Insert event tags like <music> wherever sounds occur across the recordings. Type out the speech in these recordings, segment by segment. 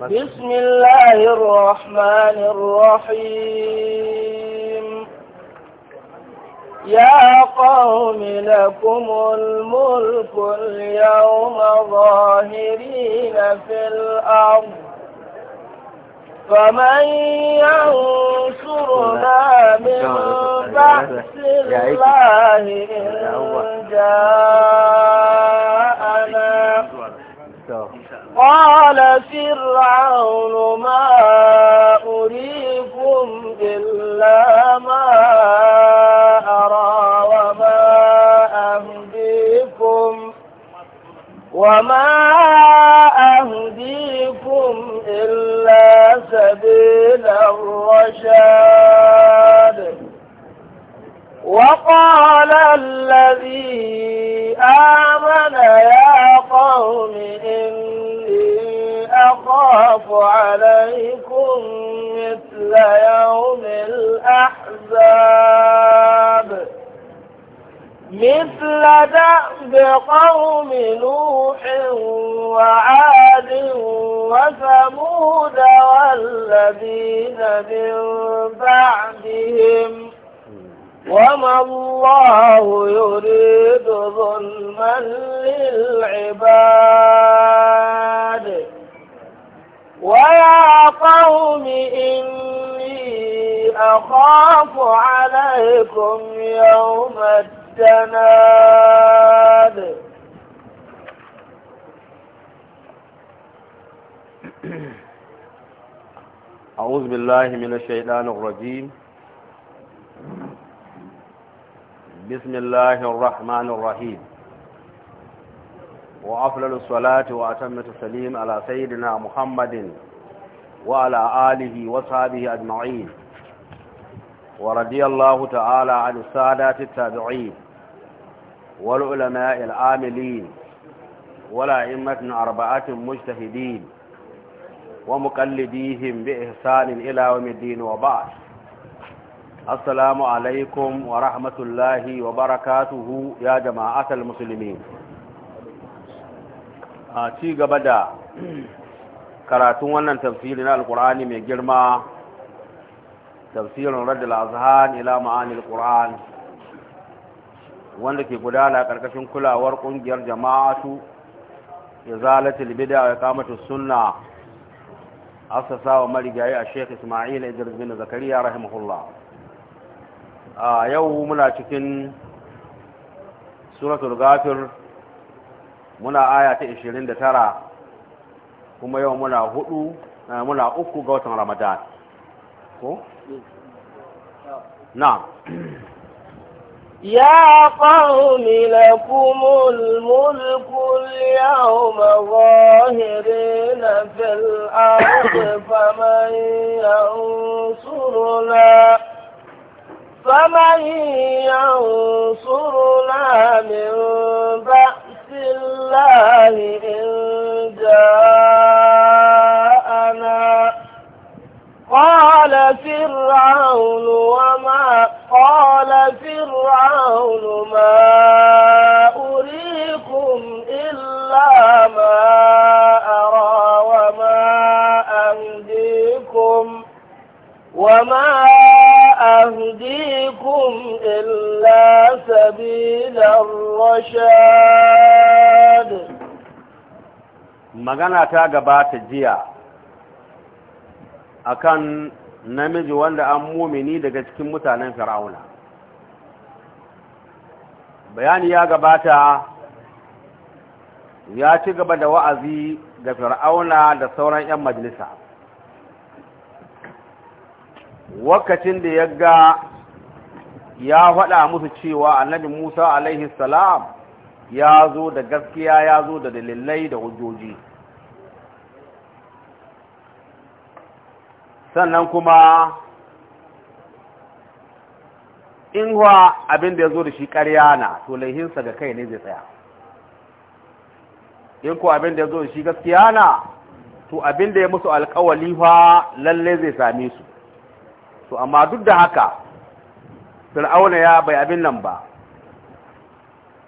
بسم الله الرحمن الرحيم يا قوم لكم الملك اليوم ظاهرين في الأرض فمن ينصرنا من بأس الله إن جاءنا قال فرعون ما أريكم إلا ما أرى وما أهديكم وما أهديكم إلا سبيل الرشاد وقال الذي آمن يا قوم إن أخاف عليكم مثل يوم الأحزاب مثل دأب قوم نوح وعاد وثمود والذين من بعدهم وما الله يريد ظلما للعباد ويا قوم إني أخاف عليكم يوم التناد <coughs> أعوذ بالله من الشيطان الرجيم بسم الله الرحمن الرحيم وأفضل الصلاة وأتم التسليم على سيدنا محمد وعلى آله وصحبه أجمعين ورضي الله تعالى عن السادات التابعين والعلماء العاملين والأئمة أربعة مجتهدين ومقلديهم بإحسان إلى يوم الدين وبعد السلام عليكم ورحمة الله وبركاته يا جماعة المسلمين a ci gaba da karatun wannan tafsirin alkur'ani mai girma tafsirin Radda azhan ila ma'anil qur'an wanda ke gudana karkashin kulawar kungiyar jama'atu izalatul bid'a wa iqamatus sunna Asasawa wa marigayi a Sheikh Isma'il Idris bin Zakariya rahimahullah a yau muna cikin suratul ghafir muna aya ta 29 kuma yau muna hudu eh, muna uku ga watan ramadan ko? na ya fauni mila kumul mulkul yau mawahiri na fil'a faman yau suru na faman yau suru min ba الله إن جاءنا قال فرعون وما قال فرعون ما أريكم إلا ما أهديكم إلا سبيل الرشاد magana ta gabata jiya akan namiji wanda an mumini daga cikin mutanen fir'auna bayani ya gabata ya ci gaba da wa'azi ga fir'auna da sauran 'yan majalisa wakacin da ya ga ya faɗa musu cewa annabi musa alaihi salam ya zo da gaskiya ya zo da dalilai da hujjoji sannan kuma in wa abin da ya zo da shi ƙarya na to laihinsa ga kai ne zai tsaya in ko abin da ya zo da shi gaskiya na to abin da ya musu alƙawali fa lalle zai same su to amma duk da haka fir'auna ya bai abin nan ba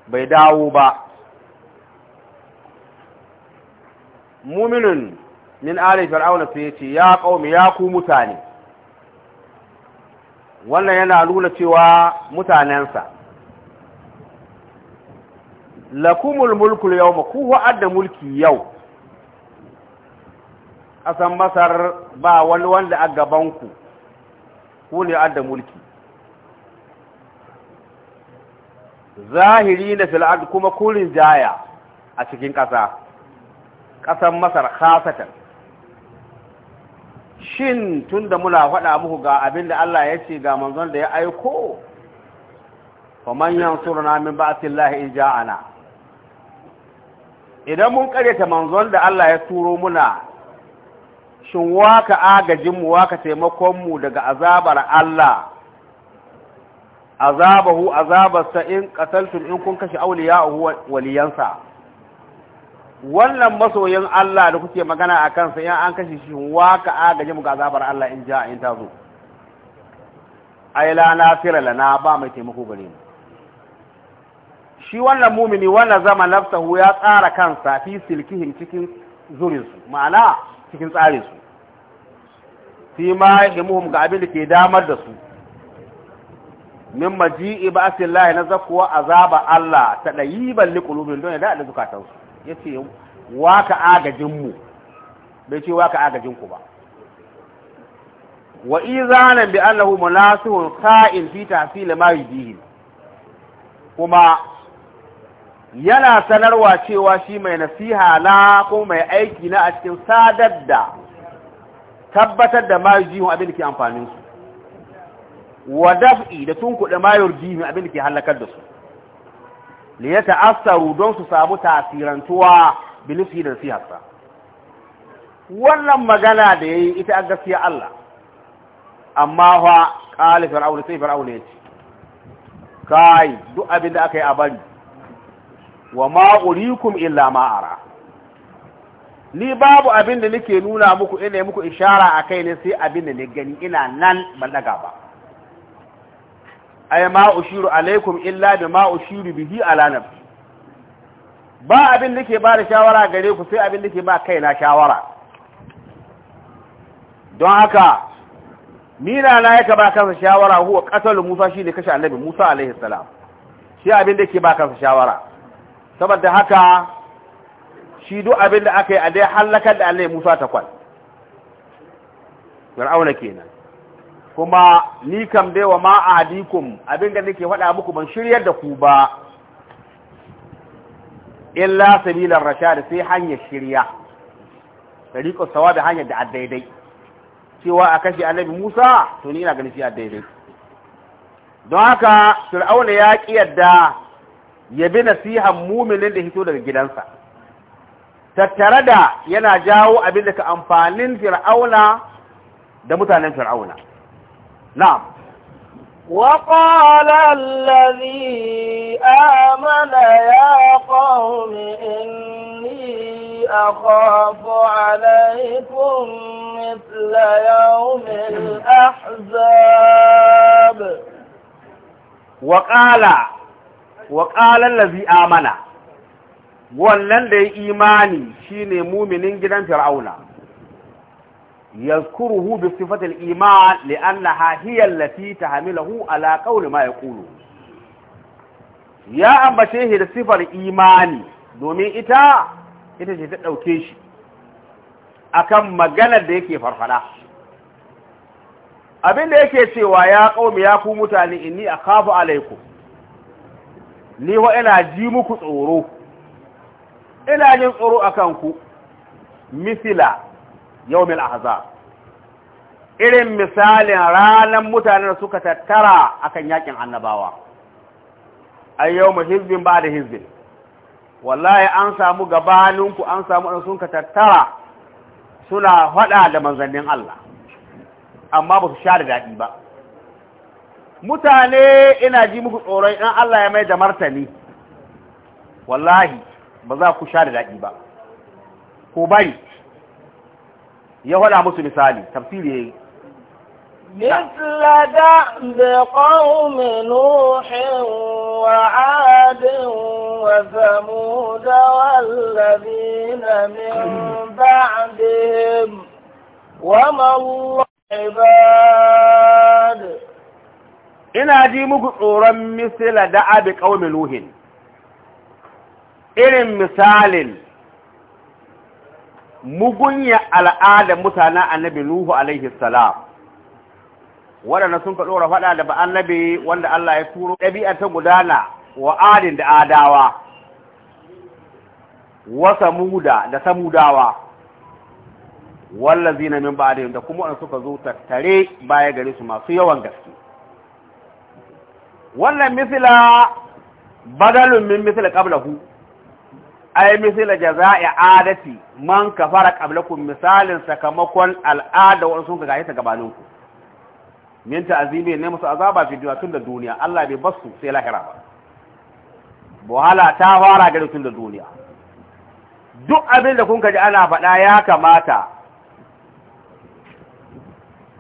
bai dawo ba muminin min ali fir'auna sai ce ya kaumi ya ku mutane wannan yana nuna cewa mutanensa lakumul mulku yawma ku wa'adda mulki yau asan masar ba wani wanda a gabanku ku ku ne adda mulki zahiri na fil'ad kuma kurin jaya a cikin ƙasa ƙasan masar khasatan shin tun da muna faɗa muku ga abin da Allah ya ce ga manzon da ya aiko fa man yansuruna min ba'atillahi in ja'ana idan mun karyata manzon da Allah ya turo muna shin waka agajinmu waka taimakonmu daga azabar Allah azabahu azabarsa in qataltum in kun kashe awliya'uhu waliyansa wannan masoyin Allah da kuke magana a kansa in an kashe shi waka agajinmu ga azabar Allah in ja in tazo ai la nafira lana ba mai taimako gare mu shi wannan mumini wannan zama nafsahu ya tsara kansa fi silkihin cikin zurinsu ma'ana cikin tsarin su fi ma ga abin da ke damar da su min maji'i lahi na zakuwa azaba Allah ta dayiban liqulubin don da da zukatansu ya ce waka agajin mu bai ce waka agajin ku ba wa izanan bi annahu mulasihun kha'in fi tahsil ma yudihi kuma yana sanarwa cewa shi mai nasiha na ko mai aiki na a cikin sadar da tabbatar da mayu jihun abin da ke amfanin su wa daf'i da tun kuɗa mayar jihun abin da ke hallakar da su da ya ta'asaru don su samu tasirantuwa bilisi da nasiharsa wannan magana da ya yi ita a gaskiya Allah amma fa ƙalifar aure sai ya ce kai duk abin da aka yi a bari wa ma urikum illa ma ara ni babu abin da nake nuna muku ina muku ishara a kai ne sai abin da ni gani ina nan ban daga ba ay ma ushiru alaikum illa bi ma ushiru bihi ala nafsi ba abin da ke ba da shawara gare ku sai abin da ke ba kaina shawara don haka mina na yaka ba kansa shawara huwa qatalu musa shi ne kashe annabi musa alaihi salam shi abin da ke ba kansa shawara saboda haka shi duk abin da aka yi a dai hallakar da Allah Musa takwal Fir'auna kenan kuma ni kam dai wa ma abin da nake faɗa muku ban shiryar da ku ba illa sabilar rashad sai hanyar shirya tariqus sawabi hanyar da daidai cewa a kashe annabi Musa to ni ina ganin shi daidai don haka Fir'auna ya ƙi yadda ya bi nasihan muminin da hito daga gidansa tattare da yana jawo abin da ka amfanin fir'auna da mutanen fir'auna na'am وقال الذي آمن يا قوم إني أخاف عليكم مثل يوم الأحزاب وقال wa ƙalar lazi amana wannan da ya imani shine muminin gidan fir'auna yazkuruhu bi sifatil iman li'annaha hiya allati tahmiluhu ala qawli ma yaqulu ya ambace shi da sifar imani domin ita ita ce ta dauke shi akan maganar da yake farfada abinda yake cewa ya qaumi ya ku mutane inni akhafu alaikum ni wa ina ji muku tsoro ina jin tsoro a kanku misila yawmil ahzab irin misalin ranar mutanen suka tattara akan yakin annabawa yau hizbin ba da hizbin wallahi an samu gabaninku an samu sun ka tattara suna faɗa da manzannin Allah amma ba su sha da daɗi ba mutane ina ji muku tsoron in Allah ya mai da martani wallahi ba za ku sha da daɗi ba ko bari ya hada musu misali tafsiri yayi مثل دأب قوم نوح وعاد وثمود والذين من بعدهم wa الله عباد <clears throat> ina ji muku tsoron misila da abi ƙaunin nuhin irin misalin mugunya al'adar mutanen annabi nuhu alaihi salam waɗanda sun faɗo faɗa da ba'an wanda Allah ya turo ɗabi'a ta gudana wa adin da adawa wa samuda da samudawa na min ba'adin da kuma wanda suka zo tattare baya gare su masu yawan gaske wannan misila badalun min misila qablahu ay misila jazaa'i adati man kafara qablakum misalin sakamakon al'ada wa sun kaga ta gabanin ku min ta'zimi ne musu azaba fi duniya tun da duniya Allah bai basu sai lahira ba Buhala ta fara gare tun da duniya duk abin da kun ji ana faɗa ya kamata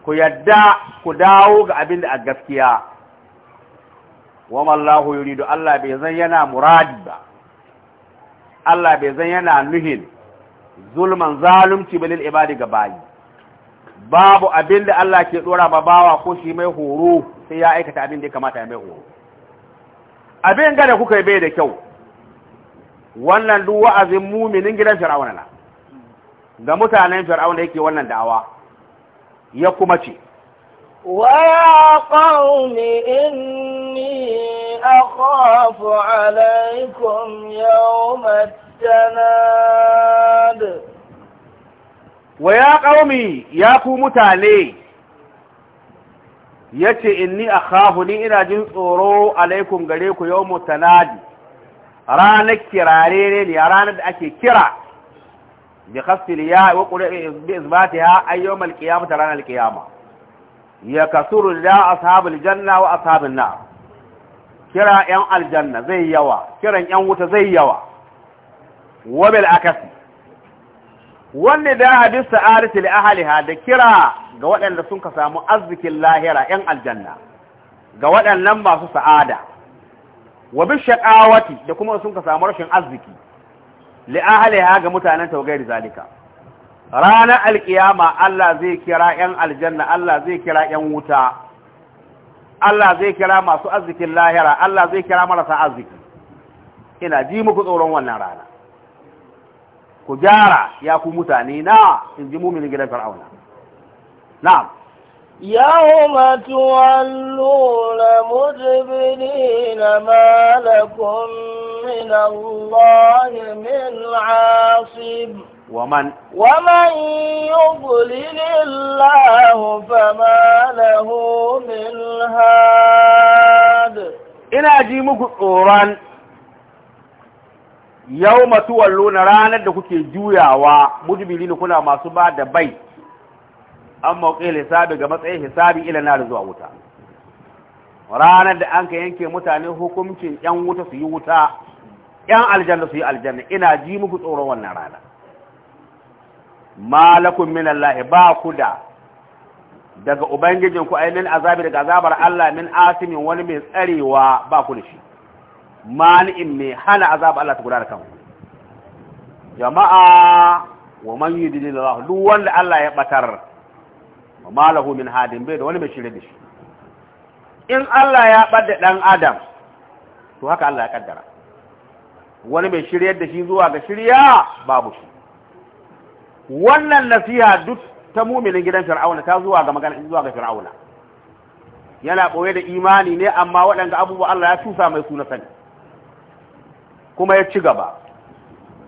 ku yadda ku dawo ga abin da a gaskiya wa mallahu yuridu Allah bai zan yana muradi ba Allah bai zan yana nuhin zulman zalunci bilil ibadi ga bayi babu abin da Allah ke tsora ba bawa ko shi mai horo sai ya aikata abin da ya kamata ya mai horo abin ga da kuka yi bai da kyau wannan duk wa'azin muminin gidan fir'auna na ga mutanen fir'auna yake wannan da'awa ya kuma ce ويا قوم إني أخاف عليكم يوم التناد ويا قومي يا كوم تالي yace inni akhafu ni ina jin tsoro alaikum gare ku yawmu tanadi ranar kirare ne ranar da ake kira bi khasfil ya wa qul bi izbatiha ayyawmal qiyamah ranar qiyamah ya kasuru da ashabul janna wa ashabun nar kira yan aljanna zai yawa kiran yan wuta zai yawa wa bil akasi wanne da hadis sa'adati li ahliha da kira ga waɗanda sun ka samu arzikin lahira yan aljanna ga waɗannan masu sa'ada wa bi da kuma sun ka samu rashin arziki li ahliha ga mutanen tawgairi zalika ranar alkiyama Allah zai kira 'yan aljanna Allah zai kira 'yan wuta Allah zai kira masu arzikin lahira Allah zai kira marasa arziki ina ji muku tsoron wannan rana ku gyara ya ku mutane na in ji mumin gidan fir'auna na'am يوم تولون مدبرين na لكم من الله من عاصم ومن ومن يضلل الله فما له من هاد ina ji muku tsoron yau matuwallo na ranar da kuke juyawa mujibili ne kuna masu ba da bai an mauƙe lissabi ga matsayin hisabi ila na zuwa wuta ranar da an yanke mutane hukuncin 'yan wuta su yi wuta 'yan aljanna su yi aljanna ina ji muku tsoron wannan rana. malakun min Allah ba ku da daga ubangijin ku ainin azabi daga azabar Allah min asimin wani mai tsarewa ba ku da shi mani'in mai hana azab Allah ta gudanar kanku jama'a wa man yudilil Allah duk wanda Allah ya batar wa malahu min hadin bai da wani mai shirye da shi in Allah ya bada dan adam to haka Allah ya kaddara wani mai shirye da shi zuwa ga shirya babu shi wannan nasiha duk ta muminin gidan fir'auna ta zuwa ga magana zuwa ga fir'auna yana boye da imani ne amma waɗanda abubuwa Allah ya tusa mai suna sani kuma ya ci gaba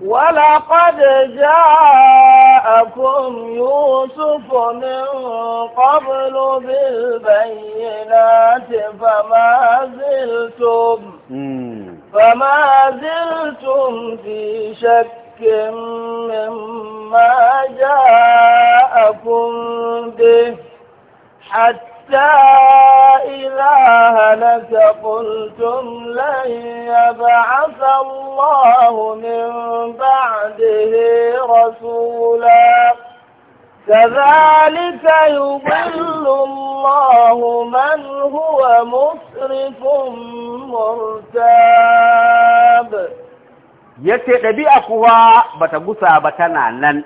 ولقد جاءكم يوسف من قبل بالبينات فما زلتم شك مما جاءكم به حتى إذا هلك قلتم لن يبعث الله من بعده رسولا كذلك يضل الله من هو مسرف مرتاب ya ce ɗabi'a kuwa ba ta gusa ba tana nan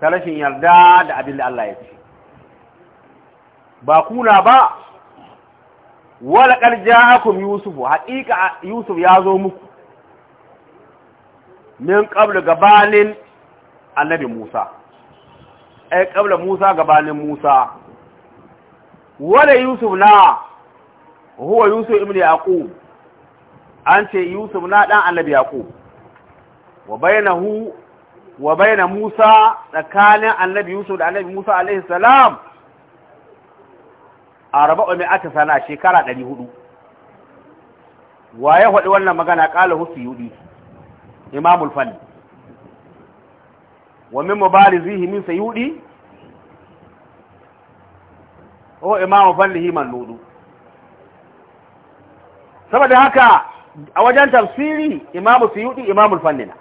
ta rashin yarda da abin da Allah ya ce ba kuna ba walaƙar ja akun yusufu haƙiƙa yusuf ya zo muku min ƙabla gabanin annabi musa ai ƙabla musa gabanin musa wala yusuf na huwa yusuf ibn yaqub an ce yusuf na dan annabi yaqub wa bainahu wa baina musa tsakanin annabi yusuf da annabi musa alaihi salam arba'u aka sana shekara 400 waye faɗi wannan magana qala husayudi imamul fanni wa min mubarizihi min o imamul fanni himan manludu saboda haka a wajen tafsiri imamu suyuti imamul fannina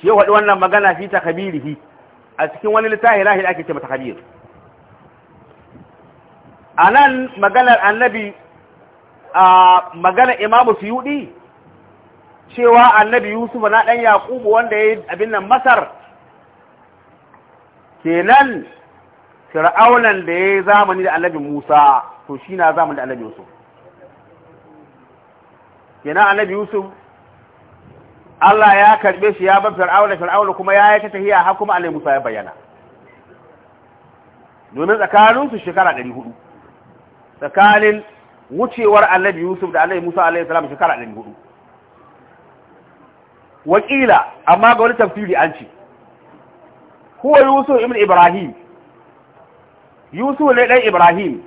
shi ya faɗi wannan magana fi takabirihi a cikin wani littafi lahi ake ce matakabir a nan maganar annabi a maganar imamu suyuti cewa annabi yusuf na ɗan yaƙubu wanda ya yi abin nan masar kenan fir'aunan da ya yi zamani da annabi musa to shi na zamani da annabi yusuf kina annabi yusuf Allah ya karbe shi ya bar fir'auna fir'auna kuma ya yi ta tahiya har kuma annabi musa ya bayyana domin tsakanin su shekara 400 tsakanin wucewar annabi yusuf da annabi musa alaihi salam shekara 400 wakila amma ga wani tafsiri an ce huwa yusuf ibn ibrahim yusuf ne dan ibrahim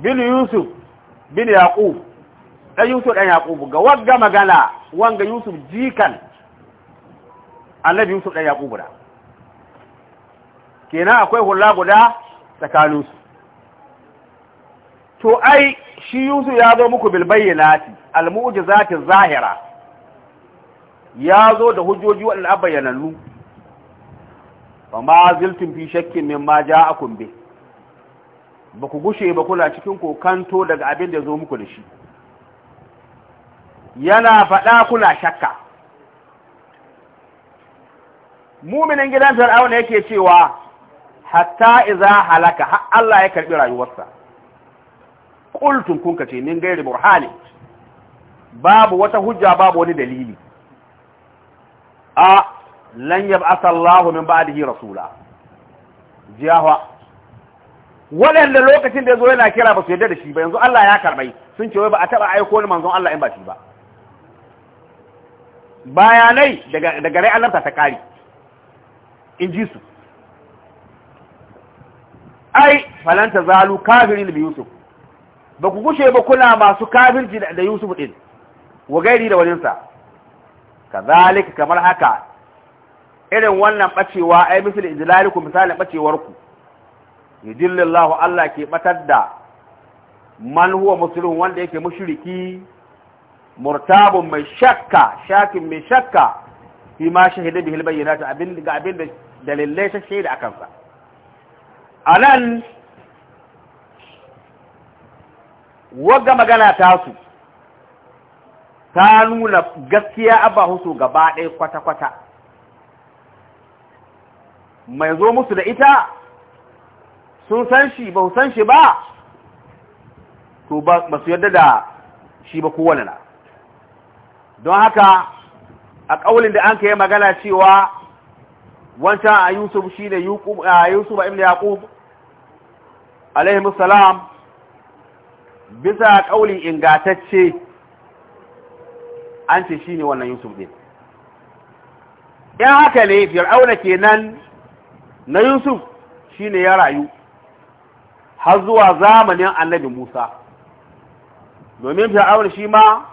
bin yusuf bin yaqub ɗan yusuf ɗan yaƙubu ga wagga magana wanga yusuf jikan annabi yusuf ɗan yaƙubu da kenan akwai hula guda tsakaninsu to ai shi yusuf ya zo muku bilbayyanati almu'jizati zahira ya zo da hujjoji waɗanda abayyanannu ba ma ziltun fi shakkin min ma a bi ba ku gushe ba kula cikin kokanto daga abin da ya zo muku da shi yana faɗa kuna shakka muminin gidan fir'auna yake cewa hatta iza halaka har Allah ya karɓi rayuwarsa ƙultun kun ce, min gairi burhani babu wata hujja babu wani dalili a lan yab'atha Allahu min ba'dihi rasula jiyawa waɗanda lokacin da ya zo yana kira ba su yadda da shi ba yanzu Allah ya karɓai sun ce wai ba a taɓa aiko ni manzon Allah in ba shi ba bayanai daga rai Allah ta kari in ji su ai falanta zalu kafirin bi yusuf ba ku kushe ba kula masu kafirci da yusuf din wa gairi da waninsa kazalika kamar haka irin wannan bacewa ai misali idlaliku misalin bacewarku yudillillahu Allah ke batar da man huwa muslimun wanda yake mushriki murtabun mai shakka shakin mai shakka fi ma shahida bihi albayyinatu abin ga abin da dalilai ta shaida akan sa anan waga magana ta su ta nuna gaskiya abba husu gaba ɗaya kwata-kwata mai zo musu da ita sun san shi ba san shi ba to ba su yadda da shi ba kowane na don haka a ƙaunin da an ka yi magana cewa wancan a yusuf shi ne yusuf ibn alaihi salam bisa ƙaunin ingatacce an ce shi ne wannan yusuf ɗin Yan haka ne fir'auna kenan na yusuf shi ne ya rayu har zuwa zamanin annabi musa domin fir'auna shi ma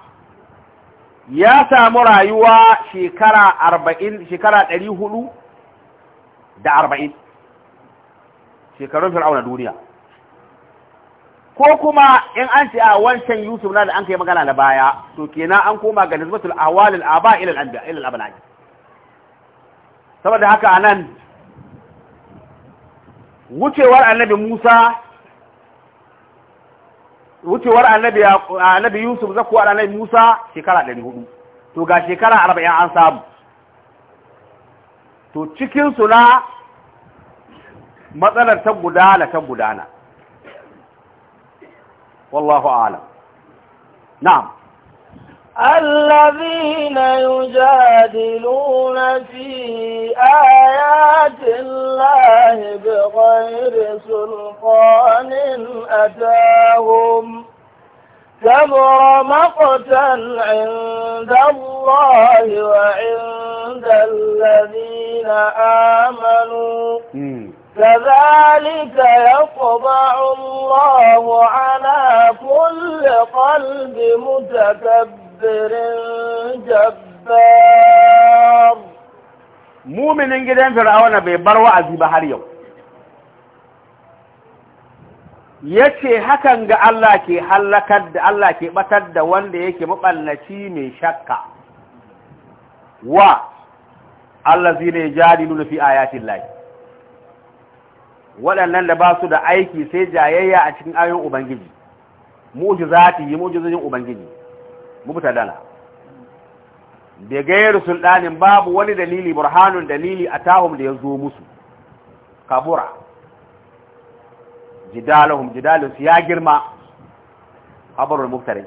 ya samu rayuwa shekara 40 shekara 400 da 40 shekarun fir'auna duniya ko kuma in an ce a wancan Yusuf na da an kai magana da baya to kenan an koma ga nisbatul ahwal al aba ila al anbiya ila saboda haka anan wucewar annabi Musa wucewar annabi annabi Yusuf zakuwa a annabi Musa shekara 400 to ga shekara 40 an samu to cikin su na matsalar ta gudana ta gudana wallahu a'lam na'am الذين يجادلون في آيات الله بغير سلطان أتاهم كبر مقتا عند الله وعند الذين آمنوا كذلك يطبع الله على كل قلب متكبر muminin جبار gidan fir'auna bai bar wa'azi ba har yau yace hakan ga Allah ke halakar da Allah ke batar da wanda yake maballaci mai shakka wa allazina yajadiluna fi ayati llahi waɗannan da ba su da aiki sai jayayya a cikin ayoyin ubangiji mu'jizati mu'jizojin ubangiji mubtadana bi gairu sultanin babu wani dalili burhanun dalili atahum da yazo musu kabura jidalahum jidalus ya girma habarul mubtari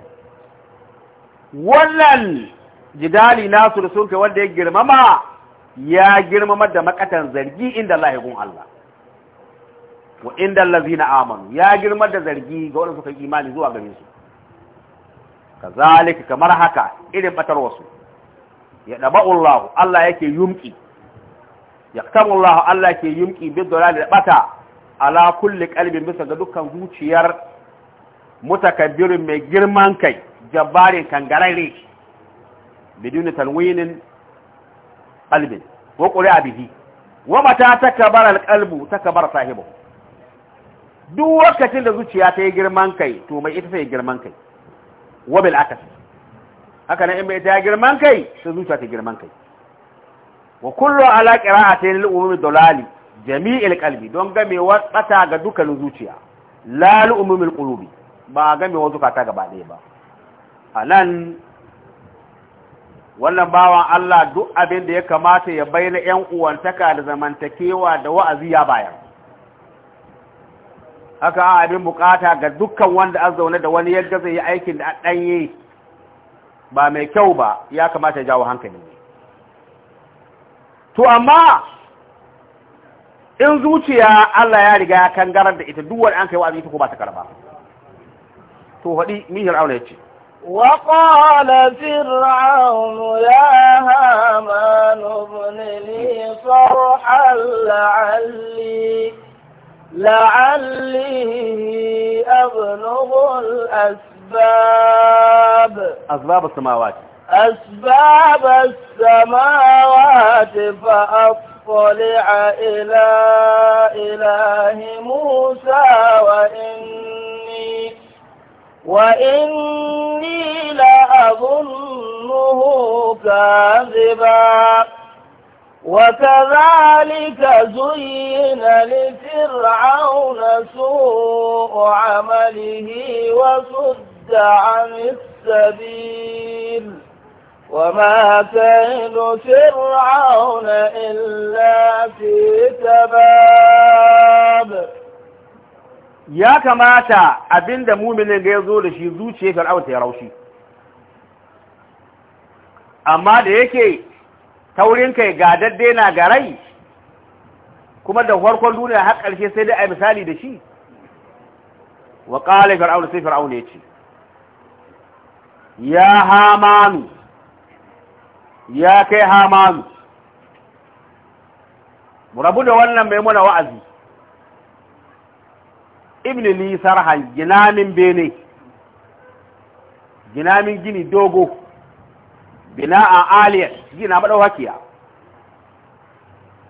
wallal jidali nasu da sunka wanda ya girmama ya girmamar da makatan zargi inda Allah gun Allah wa inda allazina amanu ya girmar da zargi ga wanda suka imani zuwa gare su kazalika kamar haka irin batar wasu ya daba Allah yake yumki yaktamullahu Allah yake yumki bi da bata ala kulli qalbin bisa ga dukkan zuciyar mutakabbirin mai girman kai jabbarin kangarare bidun talwinin qalbin wa qur'a bihi wa mata takabara alqalbu takabara sahibu duk lokacin da zuciya ta yi girman kai to mai ita ta yi girman kai wa bil akas haka nan in bai ta girman kai ta zuciya ta girman kai wa kullu ala qira'atayn lil umumi dalali jami'il qalbi don game wa tsata ga dukkanin zuciya la lil umumi qulubi ba me wa zukata gaba ɗaya ba anan wannan bawan Allah duk abin da ya kamata ya bayyana ƴan uwantaka da zamantakewa da wa'azi ya bayar haka abin bukata ga dukkan wanda an zaune da wani yadda zai yi aikin da ɗanye ba mai kyau ba ya kamata ya jawo hankali ne. to amma in zuciya Allah ya riga ya garar da ita duwar an kai wa abin ko ba ta karba to haɗi mihir auna ya ce وقال فرعون يا هامان ابن لي صرحا لعلي لعلي أبلغ الأسباب أسباب السماوات أسباب السماوات فأطلع إلى إله موسى وإني وإني لأظنه كاذبا وكذلك زين لفرعون سوء عمله وصد عن السبيل وما كيد فرعون إلا في تباب يا كماتا أبين دمومن غيزو لشي زوجي فرعون تيروشي amma da yake ta wurin kai ga dadde na garai kuma da farkon duniya har karshe sai dai a misali da shi wa qala fir'aun sai fir'aun ya ce ya hamanu ya kai hamanu mu rabu da wannan mai mana wa'azi ibn li sarhan ginamin bene ginamin gini dogo Bina a na aliyat hakiya.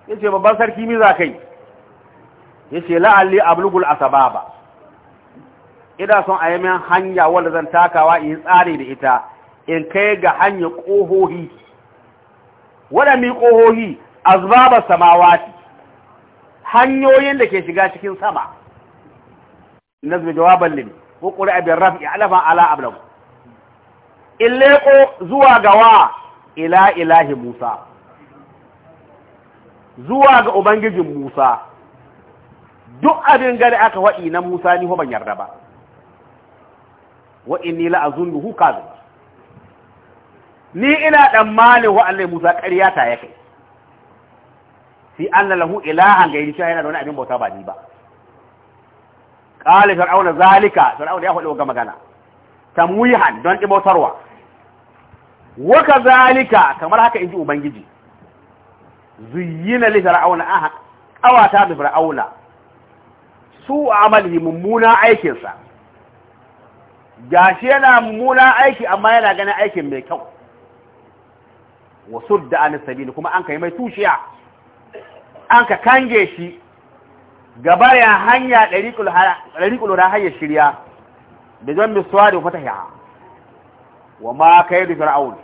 Ya ce babban sarki mi za Ya ce la'alli a asbaba ina son a yamin hanya wanda zan takawa in tsare da ita in kai ga hanya ƙohohi waɗanni ƙohohi azbaba samawati hanyoyin da ke shiga cikin sama nazmi jawaban lin ko qur'a raf'i alafan ala ablagu in leko zuwa gawa ila ilahi Musa zuwa ga ubangijin Musa duk abin gari aka waɗi na Musa ni ho ban yarda ba wa inni la azunnuhu kadhib ni ina dan mali wa Allah Musa ƙarya ta yake fi anna lahu ilahan gairi shi yana da wani abin bauta ba ni ba qala fir'auna zalika fir'auna ya faɗi ga magana tamwihan don ibautarwa waka zalika kamar haka inji ubangiji zuyina li fir'auna aha qawata da fir'auna su amali mummuna aikin sa gashi yana mummuna aiki amma yana ganin aikin mai kyau wasu sudda an sabil kuma an kai mai tushiya an ka kange shi gaba ya hanya ɗariƙul ra hanyar shirya da zan miswa da wa ma kai da fir'aun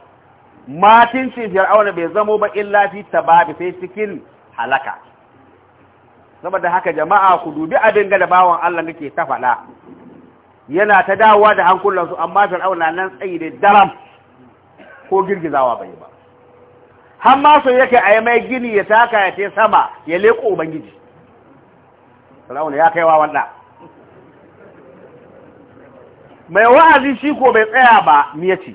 ce fir'aun bai zamo ba illa fi tababi sai cikin halaka saboda haka jama'a ku dubi abin ga da bawan Allah nake ta fada yana ta dawowa da hankulan su amma fir'aun nan tsayi da daram ko girgizawa bai ba har ma so yake a mai gini ya taka ya ce sama ya leko ubangiji fir'aun ya kaiwa wannan mai wa'azi shi ko bai tsaya ba ni ya ce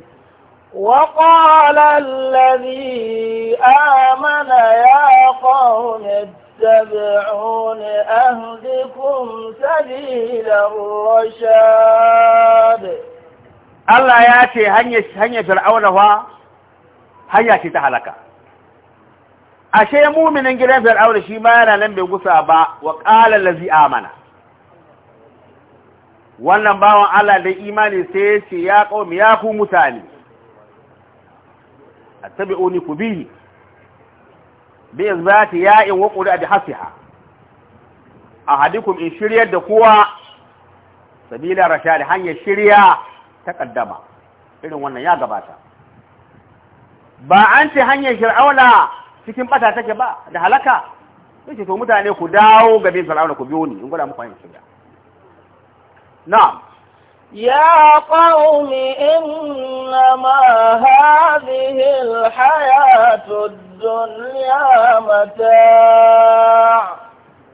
waƙwala lalari a mana ya ƙaune dabi'uni ahudikun sabilar rashadu Allah ya ce hanya fir'auna fa hanya ce ta halaka ashe muminin gidan fir'auna shi ma yana nan bai gusa ba waƙwala lalari a mana wannan bawan Allah da imani sai ya ce ya qaumi ya ku mutane attabi'uni ku bihi bi izbati ya'in wa qura bi hasiha ahadikum in shiryar da kowa sabila rashad hanyar shirya ta kaddama, irin wannan ya gabata ba an ce hanyar shir'aula cikin bata take ba da halaka ce to mutane ku dawo gabe fir'auna ku biyo ni in gwada muku hanyar shirya نعم يا قوم إنما هذه الحياة الدنيا متاع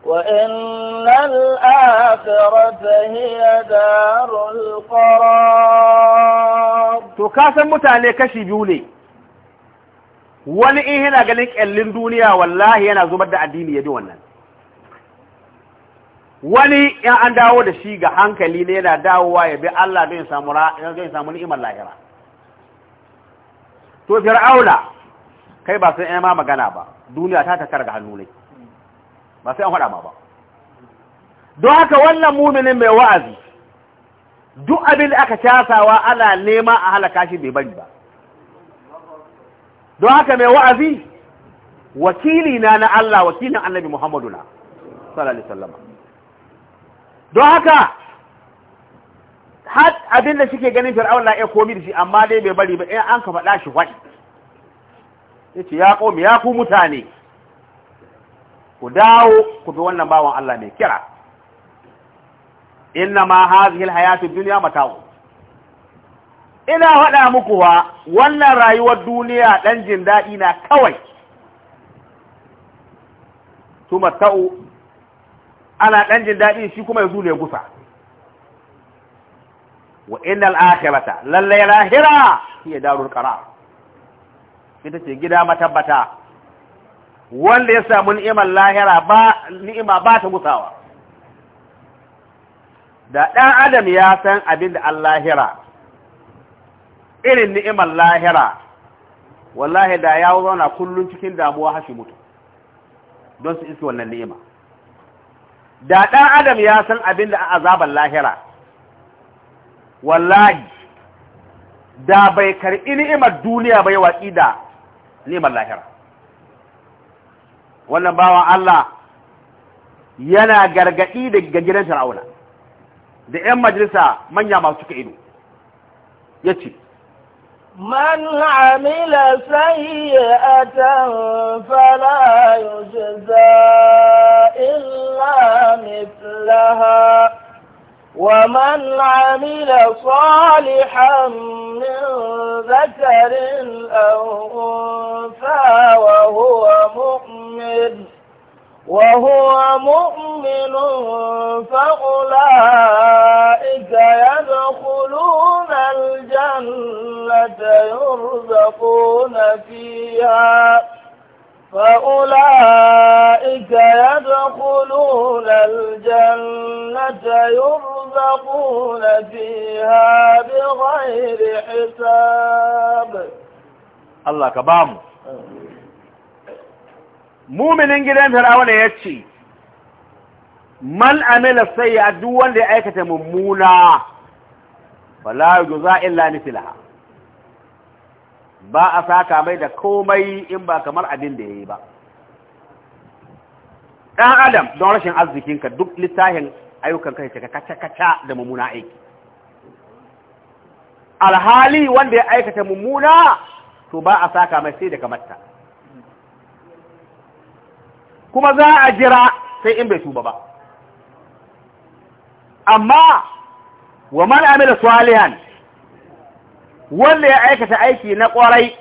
وإن الآخرة هي دار القرار تكاسا متعلي كشي بيولي wani in yana ganin kyallin duniya wallahi yana zubar da addini ya ji wannan wani ya an dawo da shi ga hankali ne yana dawowa ya bi Allah don samu don samu ni'imar lahira to fir'auna kai ba sai ma magana ba duniya ta takar ga hannu ne ba sai an faɗa ma ba don haka wannan muminin mai wa'azi duk abin da aka casawa ana nema a halaka shi bai bari ba don haka mai wa'azi wakili na na Allah wakilin annabi Muhammadu na sallallahu alaihi wasallam don haka har abinda suke ganin fir'aun na iya komi da shi amma dai bai bari ba in an ka faɗa shi faɗi ya ce ya komi, ya ku mutane ku dawo ku fi wannan bawan Allah mai kira inna ma hazihi alhayatu dunya mata'u ina faɗa muku wa wannan rayuwar duniya ɗan jin daɗi na kawai su tumatta'u ana ɗan jin daɗi shi kuma ya zule gusa wa al akhirata lallai lahira hiya darul qarar ita ce gida ma tabbata wanda ya samu ni'imar lahira ba ni'ima ba ta gusawa da ɗan adam ya san abin da lahira irin ni'imar lahira wallahi da ya zauna kullum cikin damuwa hashi mutu don su iske wannan ni'ima da ɗan adam ya san abin da a azaban lahira wallahi da bai karɓi ni'imar duniya bai waƙi da ni'imar lahira wannan bawan Allah yana gargaɗi da gidan shara'una da 'yan majalisa manya masu cika ido ya ce من عمل سيئة فلا يجزى إلا مثلها ومن عمل صالحا من ذكر أو أنثى وهو مؤمن وهو مؤمن فأولئك يدخلون الجنة يرزقون فيها فأولئك يدخلون الجنة يرزقون فيها بغير حساب الله كبام muminin gidan fir'auna ya ce man amila ya duk wanda ya aikata mummuna za a illa fila, ba a saka mai da komai in ba kamar abin da yi ba ɗan adam don rashin arzikinka duk littafin ayyukan kai ta kaca kaca da mummuna aiki alhali wanda ya aikata mummuna to ba a saka mai sai da matta. kuma za a jira sai in bai tuba ba amma wa man amila salihan wanda ya aikata aiki na kwarai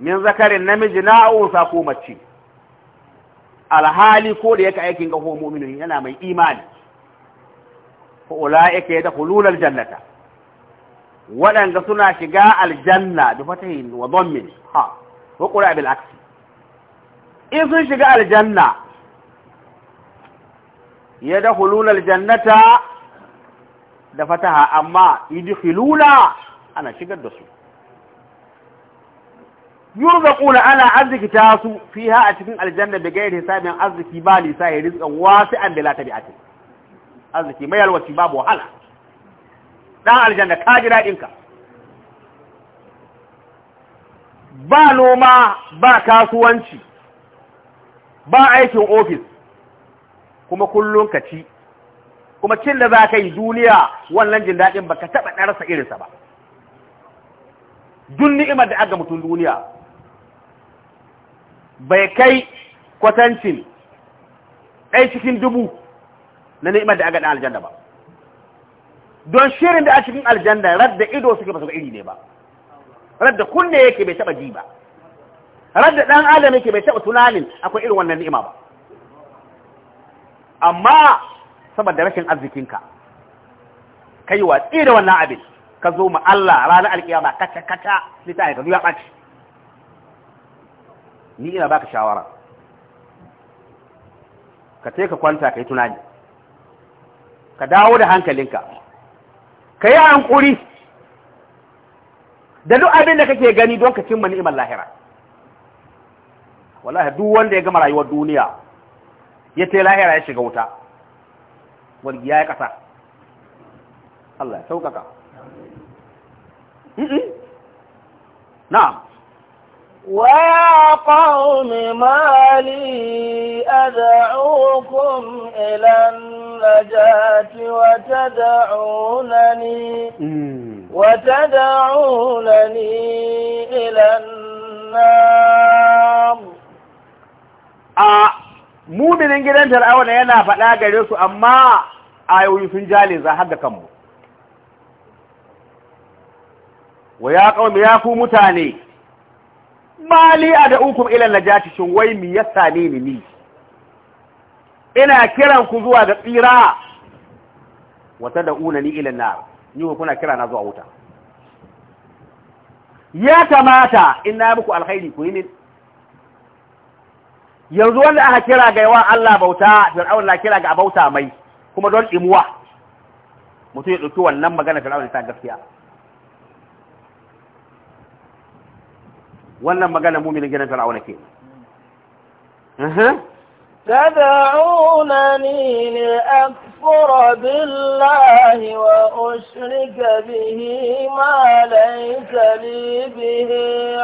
min zakarin namiji na ausa ko mace alhali ko da yake aikin ga mu'minin yana mai imani fa ulaika yadkhuluna jannata. waɗanda suna shiga aljanna bi fatahin wa dhammin ha wa qura bil aksi in sun shiga aljanna ya da hulunar jannata da fataha amma hiluna ana shigar da su yurzaquna ana arziki ta su fiha a cikin aljanna da gairi sabin arziki ba nisa ya wasu an wasi'an da a tabi'ati arziki mai alwaci babu wahala dan aljanna ka ji dadin ka ba noma ba kasuwanci ba aikin ofis kuma kullum ka ci kuma cin da za ka yi duniya wannan jin daɗin ba ka taɓa ɗarsa irinsa ba Dun ni'imar da aga mutum duniya bai kai kwatancin ɗai cikin dubu na ni'imar da aga ɗan aljanda ba don shirin da a cikin aljanna radda ido suke ba su iri ne ba radda kunne yake bai taɓa ji ba radda dan adam yake bai taɓa tunanin akwai irin wannan ni'ima ba amma saboda rashin arzikinka ka yi watsi da wannan abin ka zo ma Allah ranar alkiyama kata kata litai ka zuwa ɓaci ni ina baka shawara ka ce ka kwanta ka yi tunani ka dawo da hankalinka ka yi hankuri da duk abin da kake gani don ka cimma ni'imar lahira wallahi duk wanda ya gama rayuwar duniya ya ta lahira ya shiga wuta wargiya ya kasa Allah ya saukaka na waya ƙaunin mali a da'ukun ilan lajati wata cuna-ni mm. wata cuna-ni ilan namu a muminin gidan fir'auna yana faɗa gare su amma ayoyi sun jale za har kanmu wa ya ƙaunar ya ku mutane mali ad'ukum ila najati shin wai mi ya same ni ni ina kiran ku zuwa ga tsira da una ni ila na, ni wa kuna kira na zuwa wuta ya kamata in na muku alkhairi ku yi min yanzu wanda aka kira ga yawa Allah bauta fir'aun na kira ga abauta mai kuma don imuwa mutum ya ɗauki wannan magana fir'aun ta gaskiya wannan magana muminin gidan fir'aun ke تدعونني لأكفر بالله وأشرك به ما ليس لي به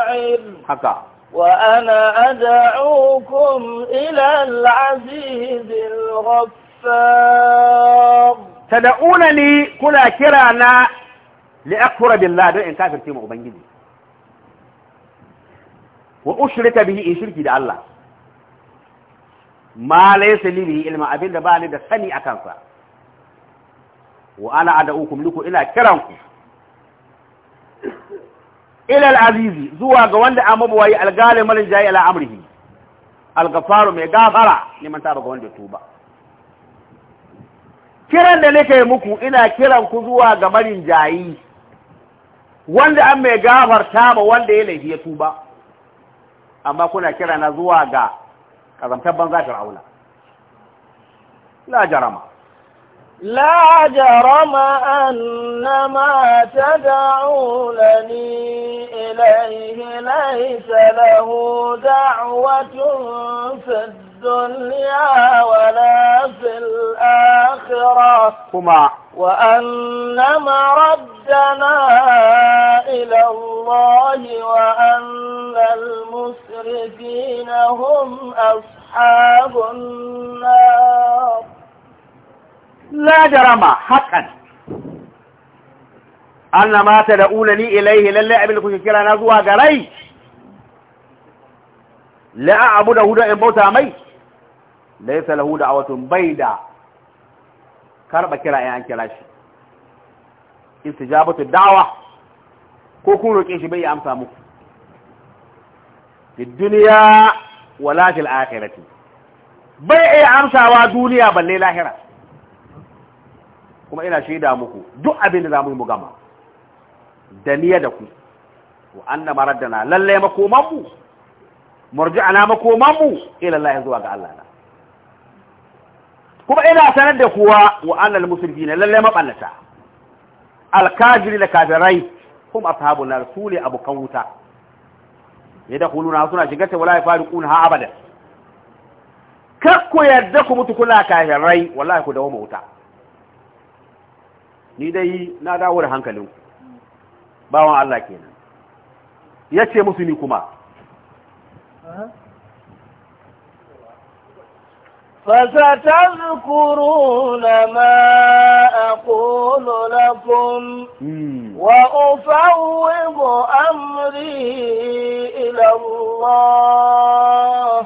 علم حقا وأنا أدعوكم إلى العزيز الغفار تدعونني كلا كرانا لأكفر بالله دون إن كافر تيمو أبنجدي وأشرك به إن شركي دع الله ما ليس لي به إلما أبين دبالي دساني أكافر وأنا أدعوكم لكم إلى كرانكم ilal azizi zuwa ga wanda an yi algalin malin jayi ala algafaru mai gafara neman taba ga wanda tuba kiran da nake muku ina kiran ku zuwa ga malin jayi wanda an mai gafarta ba wanda ya laifi ya tuba amma kuna kira na zuwa ga kazantar banza fir'auna la jarama لا جرم أن ما تدعونني إليه ليس له دعوة في الدنيا ولا في الآخرة كما وأن مردنا إلى الله وأن المسرفين هم أصحاب النار la jarama hakan anna ma ta ni ilaihi lalle abin da kuke kira na zuwa ga rai la abu da hudu in bauta mai laysa lahu da'watun baida karba kira in an kira shi istijabatu da'wa ko kun roke shi bai amsa muku fi dunya wala fil akhirati bai amsawa duniya balle lahira kuma ina shaida muku duk abin da za mu yi mu gama da niyya da ku wa anna maraddana lalle makoman mu murji'ana makoman mu ila Allah zuwa ga Allah na kuma ina sanar da kuwa wa annal musrifina lalle maballata alkafiri da kafirai kuma abu kawuta ya da wuta na suna shiga ta wala yafariquna ha abada kakku yadda ku mutu kuna kafirai wallahi ku dawo mu wuta ni dai na dawo da hankalin ku Allah kenan yace musu ni kuma fa za ta zukuru na ma aqulu lakum hmm. wa ufawwidu amri ila Allah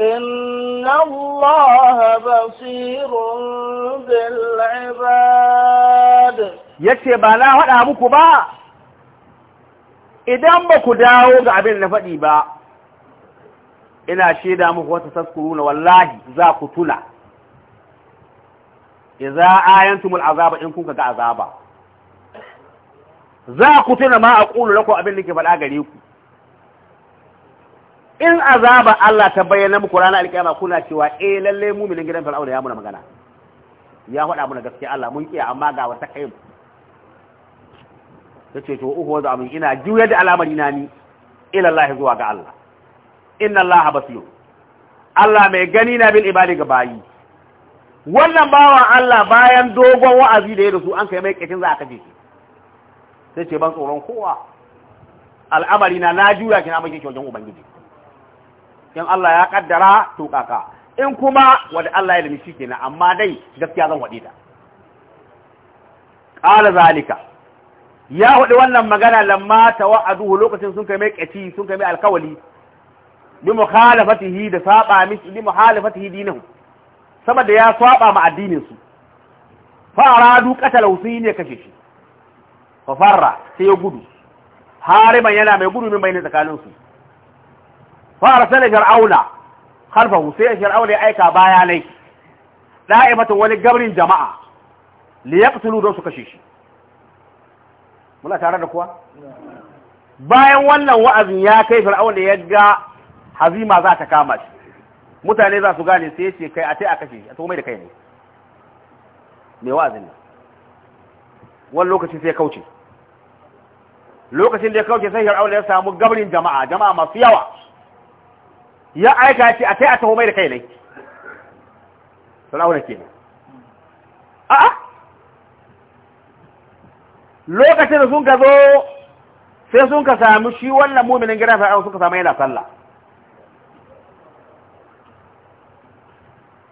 إن الله بصير بالعباد yace ba na faɗa muku ba idan ba ku dawo ga abin da faɗi ba ina shaida muku wata taskuruna wallahi za ku tuna idza ayantumul azaba in kun ga azaba za ku tuna ma aqulu lakum abin da ke faɗa gare ku in azaba Allah ta bayyana muku ranar alƙiyama kuna cewa eh lalle mu'minin gidan fir'auna ya muna magana ya faɗa muna gaskiya Allah mun kiya amma ga wata kai yace to uhu wa amin ina juyar da al'amari na ni ila Allah zuwa ga Allah inna Allah basir Allah mai gani na bil ibadi ga bayi wannan bawan Allah bayan dogon wa'azi da ya su an kai mai kicin za a ji sai ce ban tsoron kowa al'amari na na juya kina mai kyau, kyautan ubangiji in Allah ya kaddara to kaka in kuma wanda Allah ya limi shikenan amma dai gaskiya zan wade ta qala zalika ya wadi wannan magana lamma tawa'aduhu lokacin sun kai mai kaci sun kai mai alkawali bi mukhalafatihi da saba mishi bi mukhalafatihi saboda ya saba ma addinin su fa aradu su ne kashe shi fa farra sai ya gudu hariman yana mai gudu min bayin tsakanin su fara sana fir'auna khalfahu sai fir'auna ya aika bayanai da'imatan wani gabrin jama'a li yaqtulu don su kashe shi muna tare da kuwa bayan wannan wa'azin ya kai fir'auna ya ga hazima za ta kama shi mutane za su gane sai ce kai a ce a kashe shi a tso mai da kai ne mai wa'azin ne wani lokaci sai kauce lokacin da ya kauce sai fir'auna ya samu gabrin jama'a jama'a masu yawa ya aika shi a kai a taho mai da kai ne fir'auna ke ne a'a lokacin da sun ka zo sai sun ka sami shi wannan muminin gidan fir'auna ka sami yana sallah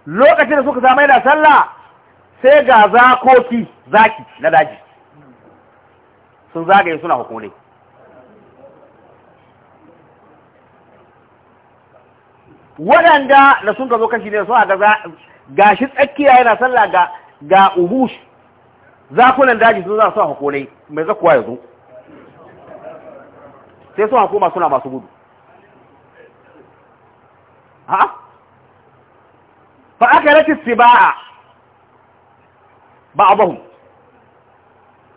lokacin da sun ka sami yana sallah sai ga zakoki zaki na daji sun zagaye suna hukunai waɗanda da sun ka zo kashi ne sun ga gashi tsakiya yana sallah ga ga uhush zakunan daji sun za su hakorai mai zakuwa ya zo sai sun masu suna masu gudu ha fa aka rati siba'a ba abahum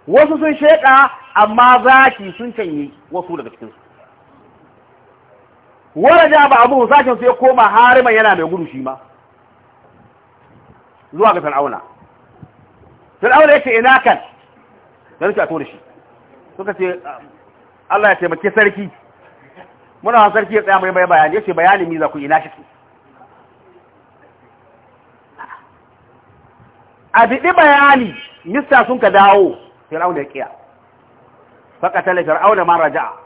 wasu sun sheka amma zaki sun canye wasu daga cikinsu wani ja ba abu sashen sai koma harima yana mai gudu shi ma zuwa ga fir'auna fir'auna ya ce ina kan da nake a tori shi suka ce Allah ya taimake sarki muna wa sarki ya tsaya mai mai bayani ya ce bayani miza ku ina shi a biɗi bayani mista sun ka dawo fir'auna ya kiya fakatalle fir'auna ma raja'a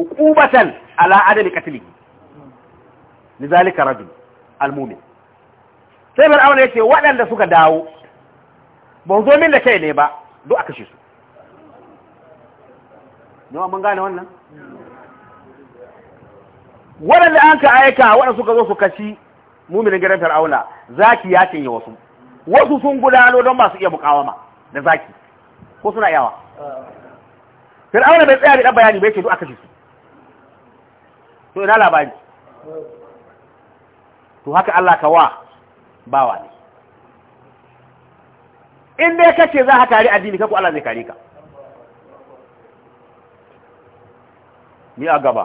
uqubatan ala adami qatlihi lidhalika rajul almu'min sai fir'auna yace waɗanda suka dawo ba zo min da kai ne ba duk aka shi nawa mun gane wannan waɗanda an ka aika waɗanda suka zo su kashi muminin gidan fir'auna zaki ya cinye wasu wasu sun gudano don masu iya mukawama da zaki ko suna yawa ah. fir'auna bai tsaya da bayani bai ce duk aka shi to ina labari to haka Allah ka wa bawa ne in dai kace za ka kare addini kako Allah zai kare ka ni a gaba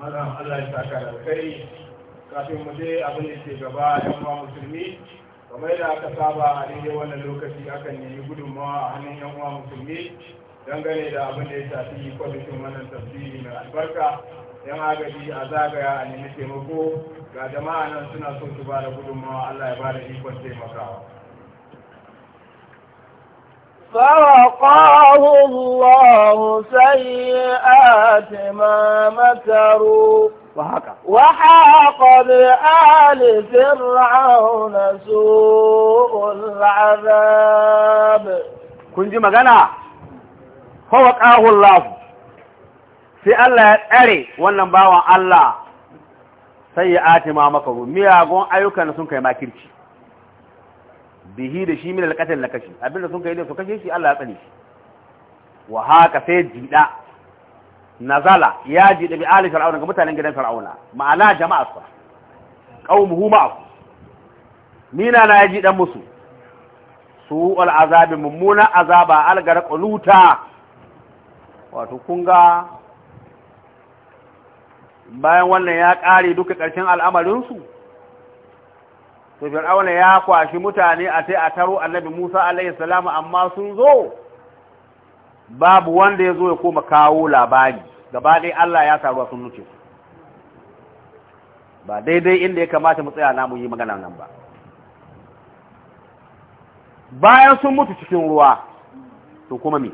madam Allah ya saka da kai kafin mu je abin da ke gaba yan uwa musulmi kamar yadda aka saba a daidai wannan lokaci akan yi gudunmawa a hannun yan uwa musulmi dangane da abin da ya shafi kwamitin wannan tafsiri mai albarka yan agaji a zagaya a nemi taimako ga jama'a nan suna so su ba da gudunmawa Allah ya ba da ikon taimakawa. فوقاه الله سيئات ما مكروا وحق, وحاق بآل فرعون سوء العذاب كنت مغنى ƙahun lafu sai Allah ya tsare wannan bawan Allah sai ya atima maka miyagun ayyukan sun kai makirci bihi da shi min alqatal na kashi abinda sun kai ne su kashe shi Allah ya tsare shi wa haka sai jida nazala ya jida bi ali fir'auna ga mutanen gidan fir'auna ma'ana jama'a sa qaumuhu ma'ahu mina na ya jida musu su al azabin mummuna azaba al garquluta wato kunga bayan wannan ya ƙare duka ƙarshen al'amarinsu to fir'auna ya kwashi mutane a sai a taro annabi musa alaihi amma sun zo babu wanda ya zo ya koma kawo labari gaba ɗaya allah ya taru sun nuce ba daidai inda ya kamata mu tsaya namu yi magana nan ba bayan sun mutu cikin ruwa to kuma me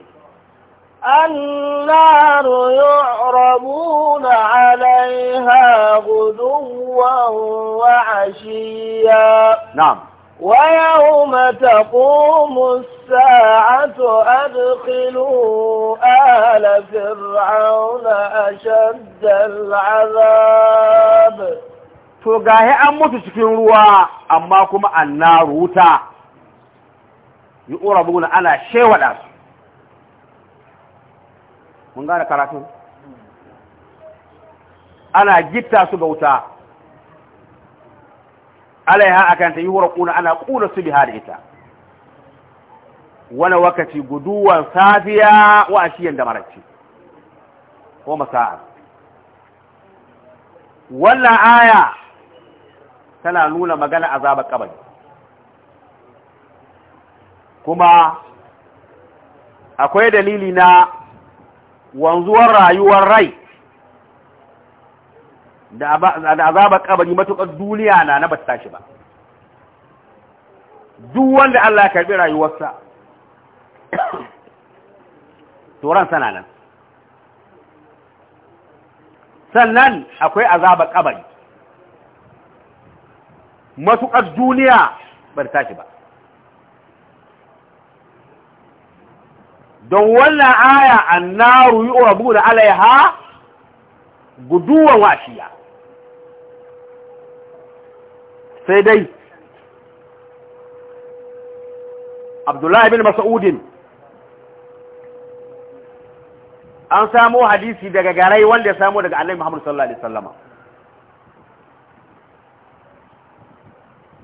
النار يعرضون عليها غدوا وعشيا نعم ويوم تقوم الساعة أدخلوا آل فرعون أشد العذاب to gahe an mutu cikin ruwa amma kuma annaru wuta yi ana mun gane karatu ana gitta su ga wuta alaiha akan ta yi wurakuna ana kuna su biha da ita wani wakaci guduwan safiya wa shiyan da ce, ko masa'a wannan aya tana nuna magana azabar kabari kuma akwai dalili na wanzuwar rayuwar rai da azabar kabari matukar duniya na na bata tashi ba duk wanda Allah ya karbi rayuwarsa turan sana nan sannan akwai azabar kabari matukar duniya bata tashi ba don wannan aya annaru yu'rabu da alaiha guduwan washiya sai dai abdullahi bin mas'udin an samo hadisi daga garai wanda ya samo daga annabi muhammadu sallallahu alaihi wasallama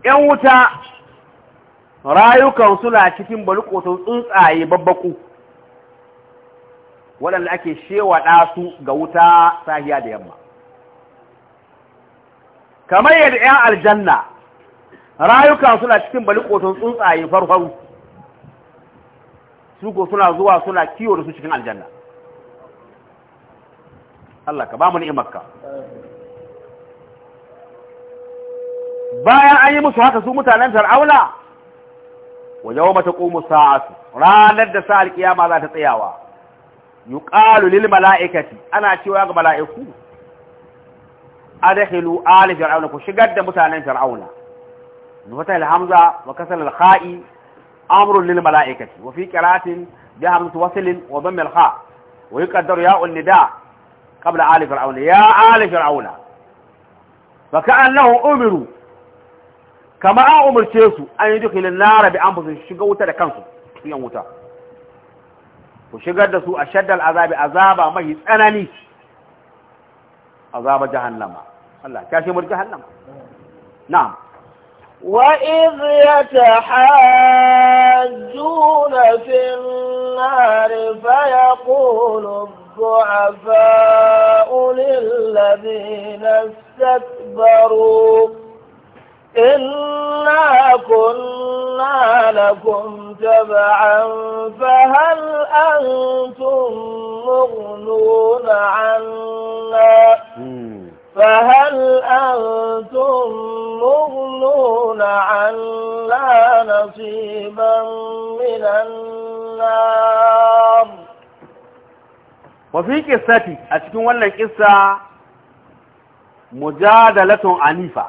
yan wuta rayukan suna cikin balikotun tsuntsaye babbaku waɗanda ake shewaɗa su ga wuta sahiya da yamma kamar yadda 'yan aljanna rayuka suna cikin balikoton tsuntsaye farfaru su ko suna zuwa suna kiwo da su cikin aljanna Allah ka ba mu ni'imarka bayan an yi musu haka su mutanen fir'auna wa yawma taqumu sa'atu ranar da sa'ar kiyama za ta tsayawa yuqalu lil mala'ikati ana cewa ga mala'iku adkhilu ali fir'auna ku shigar da mutanen fir'auna wata alhamza wa kasal alkha'i amrun lil mala'ikati wa fi qira'atin bi hamzati waslin wa dhamm alkha wa yuqaddaru ya nida qabla ali fir'auna ya ali fir'auna fa ka'annahu umiru kama an umarce su an yi dukkan nara bi an shiga wuta da kansu su yan wuta ku shigar da su a shaddal azabi azaba mai tsanani azaba jahannama Allah ta shi murji jahannama na'am wa iz وإذ nar fa yaqulu فيقول الضعفاء ladina istakbaru inna kunna جعلنا لكم تبعا فهل أنتم مغنون عنا فهل أنتم مغنون عنا نصيبا من النار وفي قصتي أتكون ولا قصة مجادلة عنيفة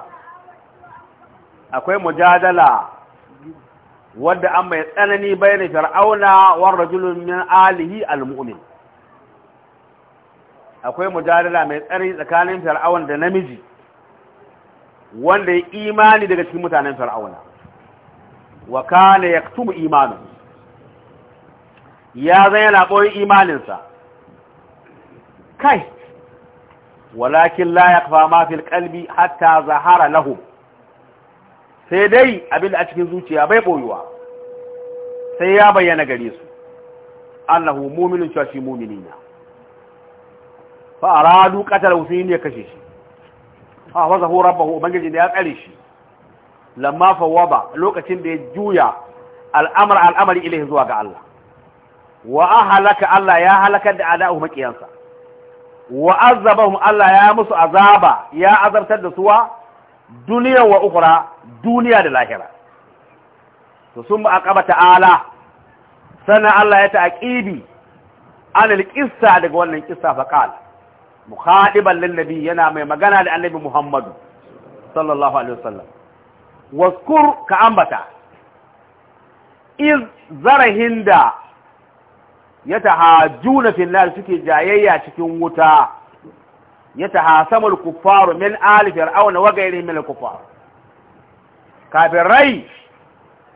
akwai mujadala wadda an mai tsanani bayan fir'auna wa rajulun min alihi almu'min akwai mujadala mai tsanani tsakanin fir'aun da namiji wanda ya imani daga cikin mutanen fir'auna wa kana yaktumu imanu ya zan yana boye imaninsa kai walakin la ma fil qalbi hatta zahara lahum sai dai abinda a cikin zuciya bai boyuwa sai ya bayyana gare su annahu mu'minun cewa shi mu'mini na fa aradu qatal husayn ya kashe shi fa wazahu rabbahu ubangiji da ya tsare shi lamma fawaba lokacin da ya juya al'amr al'amari ilayhi zuwa ga Allah wa ahlaka Allah ya halakar da ada'u maqiyansa wa azabahum Allah ya musu azaba ya azabtar da suwa duniya wa ukura duniya da lahira to sun ba aqaba ta'ala sannan Allah ya ta'qibi anil qissa daga wannan qissa fa qala mukhadiban yana mai magana da annabi Muhammadu sallallahu alaihi wasallam waskur ka ambata iz zarahin da ya tahajjuna fil nar suke jayayya cikin wuta yatahasamul al min ali fir'auna wa ghayrihim min al-kuffar kafirai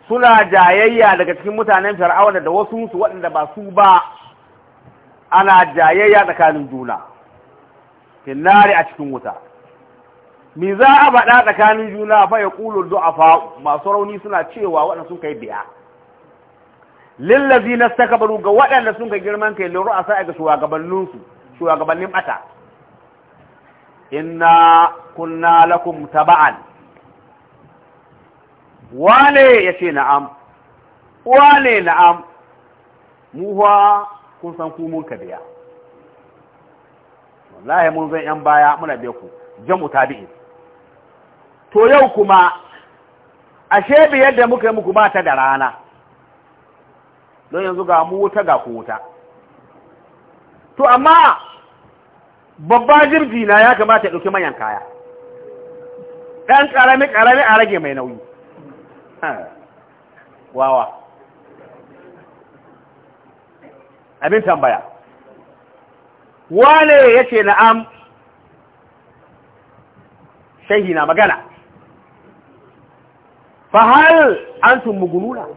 suna jayayya daga cikin mutanen fir'auna da wasu su wadanda ba su ba ana jayayya tsakanin juna finnari a cikin wuta mi za a faɗa tsakanin juna fa ya du'afa masu rauni suna cewa wadanda sun kai biya lillazina na ga waɗanda sun kai girman kai lura a ga shugabannin su shugabannin ɓata inna kunna lakum taba'an wane ya ce na'am wane na'am muhuwa kun san ku mun ka biya wallahi mun zan yan baya muna biya ku jamu tabi'in to yau kuma ashe biyar da muka yi muku ba ta da rana don yanzu ga mu wuta ga ku wuta to amma babba jirgi na ya kamata ya ɗauki manyan kaya ɗan ƙarami ƙarami a rage mai nauyi wawa abin tambaya wane ya ce na'am shahi na magana fahal an tun mugununa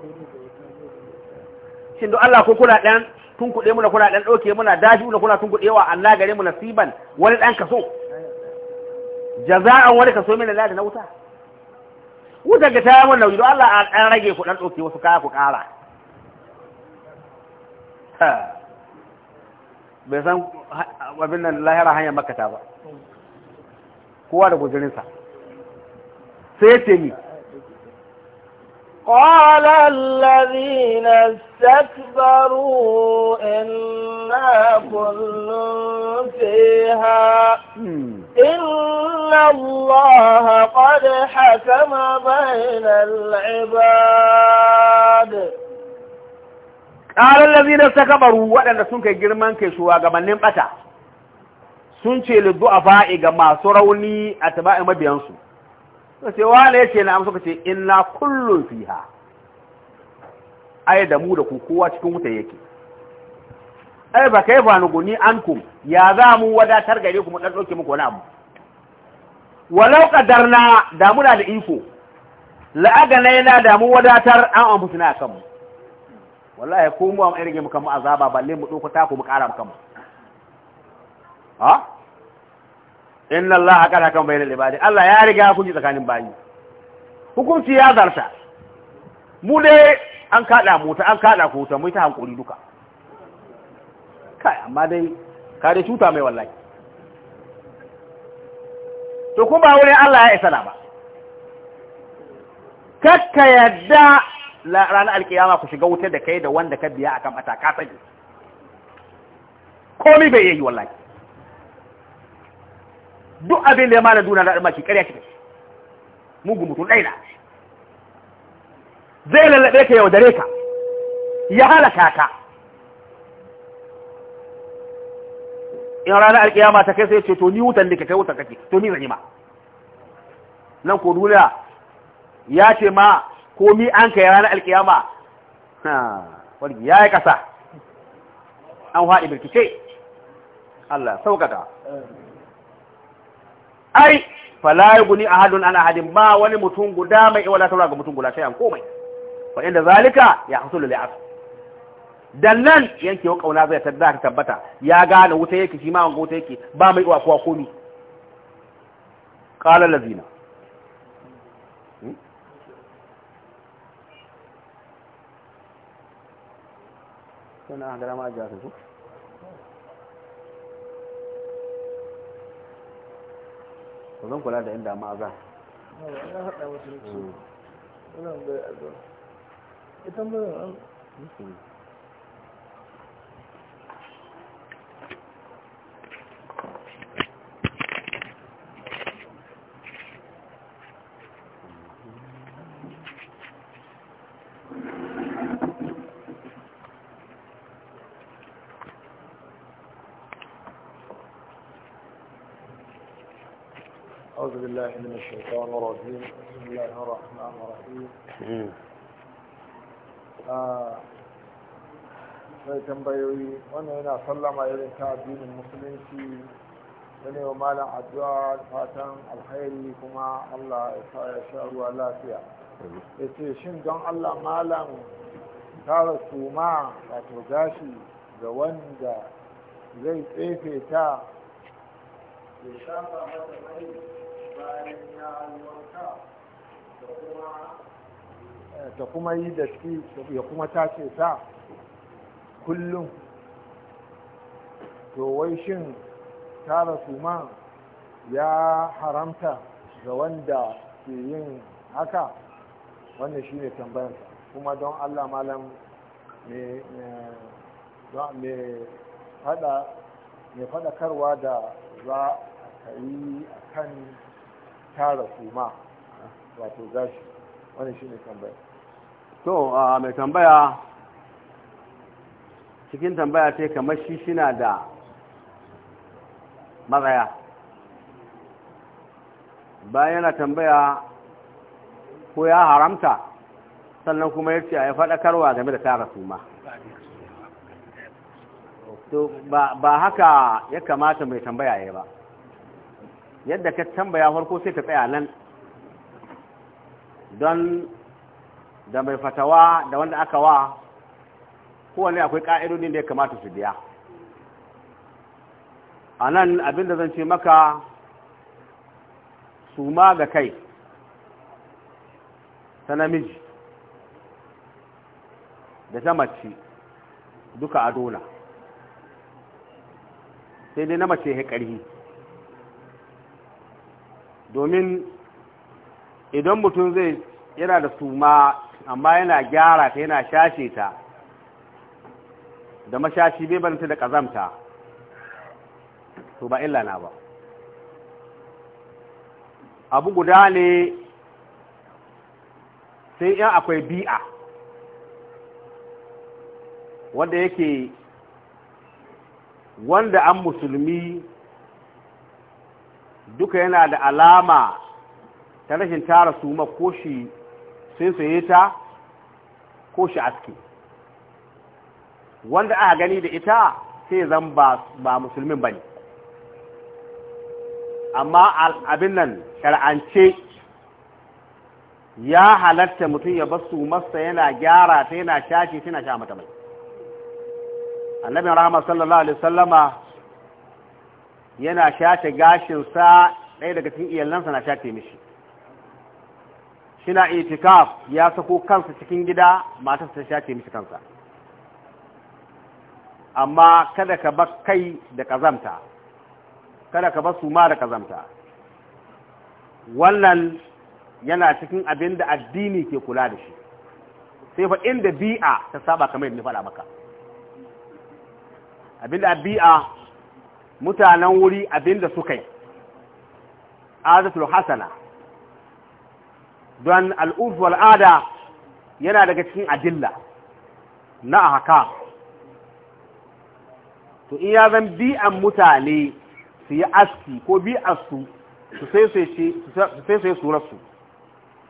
shi da Allah ko kula ɗan tun kuɗe muna kuna ɗan ɗauke muna dashi muna kuna tun wa Allah gare mu nasiban wani ɗan kaso jaza'an wani kaso min lalata da na wuta Wutar ga ta mun nauyi don Allah a ɗan rage ku ɗan ɗauke wasu kaya ku ƙara bai san abin nan lahira hanyar makata ba kowa da guzurinsa sai ya ce ni قال الذين استكبروا إنا كل فيها إن الله قد حكم بين العباد قال الذين استكبروا وأن سنك جرمان كشوا قبل نمتا sun ce lizu a fa'i ga masu rauni a taba'in mabiyansu suka ce wane yake na amsa ce inna kullun fiha ai da mu da ku kowa cikin wuta yake ai ba kai ba nuguni ku ya za mu wadatar gare ku mu dan dauke muku wani abu walau qadarna da muna da iko la'agana yana da mu wadatar an amfusina kan mu wallahi ko mu am irge mu kan mu azaba balle mu dauko ta ku mu kara mu kan mu ha inna Allah kada hakan bayanin libadi Allah ya riga kun ji tsakanin bayi hukunci ya zarta mu dai an kada mota, an kada ku ta mu ta hankuri duka kai amma dai ka dai cuta mai wallahi to kuma ba Allah ya isa ba kakka yadda ranar alkiyama ku shiga wutar da kai da wanda ka biya akan mata ka sani komai bai yi wallahi duk abin da ya mana duna da almaki ƙarya kitar mugu mutum ɗaya zai lallaɓe ka yaudare ka ya halaka ka in ranar alƙiyama ta kai sai ce to ni wutan da ke kai wutan kake to ni yi ma nan ko duniya ya ce ma komi an kai ranar alkiyama wargi ya yi kasa an haɗi birkice Allah sauƙaƙa ai fala yughni ahadun an ahadin ba wani mutum guda mai taura ga mutum guda sai an komai fa inda zalika ya hasulu li'af asl dan nan yanke wa kauna zai tada ka tabbata ya gane wuta yake shi ma wanga wuta yake ba mai iwa kowa komi qala lazina sana hadara ma ajasa su ba kula da inda ma za hmm. ita hmm. akwai tambayoyi wannan yana sallama irin ta addinin musulunci wani wa malam addu'a fatan alkhairi kuma Allah ya sha ruwa lafiya ya ce shin don Allah malam tara suma wato gashi ga wanda zai tsefe ta ya shafa mata mai bayan ya wanka da kuma eh, ta kuma yi da ya kuma tace ta kullum to wai shin tara suma ya haramta ga wanda ke yin haka wannan shine tambayarsa kuma don allah malam mai faɗakarwa da za a yi a kan tara suma wato gashi wannan shine tambayar to mai tambaya cikin tambaya ce kamar shi shina da matsaya bayan yana tambaya ko ya haramta sannan kuma ya ce a ya faɗakarwa game da tara suma ba haka ya kamata mai tambaya ya ba yadda ka tambaya farko sai ka tsaya nan don da mai fatawa da wanda aka wa kowane akwai ƙa'idodin da ya kamata su biya a nan da zan ce maka su ma ga kai ta namiji da ta mace duka a dola sai dai na mace ya ƙarfi domin idan mutum zai yana da suma amma yana gyara ta yana shashe ta da mashashi bai banta da kazamta to ba illa na ba abu guda ne sai yan akwai bi'a wanda yake wanda an musulmi duka yana da alama ta rashin tara su makoshi ko shi sai saye ta ko shi aski wanda aka gani da ita sai zan ba ba musulmin bane amma abin nan shar'ance ya halatta mutum ya basu masa yana gyara ta yana shashi tana sha mata mai annabin rahama sallallahu alaihi sallama yana shace gashinsa ɗaya daga cikin iyalansa na shace mishi shina itikaf ya sako kansa cikin gida matarsa ta shace mishi kansa amma kada ka ba kai da kazamta kada ka ba su ma da kazamta wannan yana cikin abin da addini ke kula da shi sai fa inda bi'a ta saba kamar yadda faɗa maka abin da bi'a mutanen wuri abin da suka yi azatul hasana don al'urfu al'ada yana daga cikin adilla na haka to in ya zan bi'an mutane su yi aski ko bi'an su su sai su yi surarsu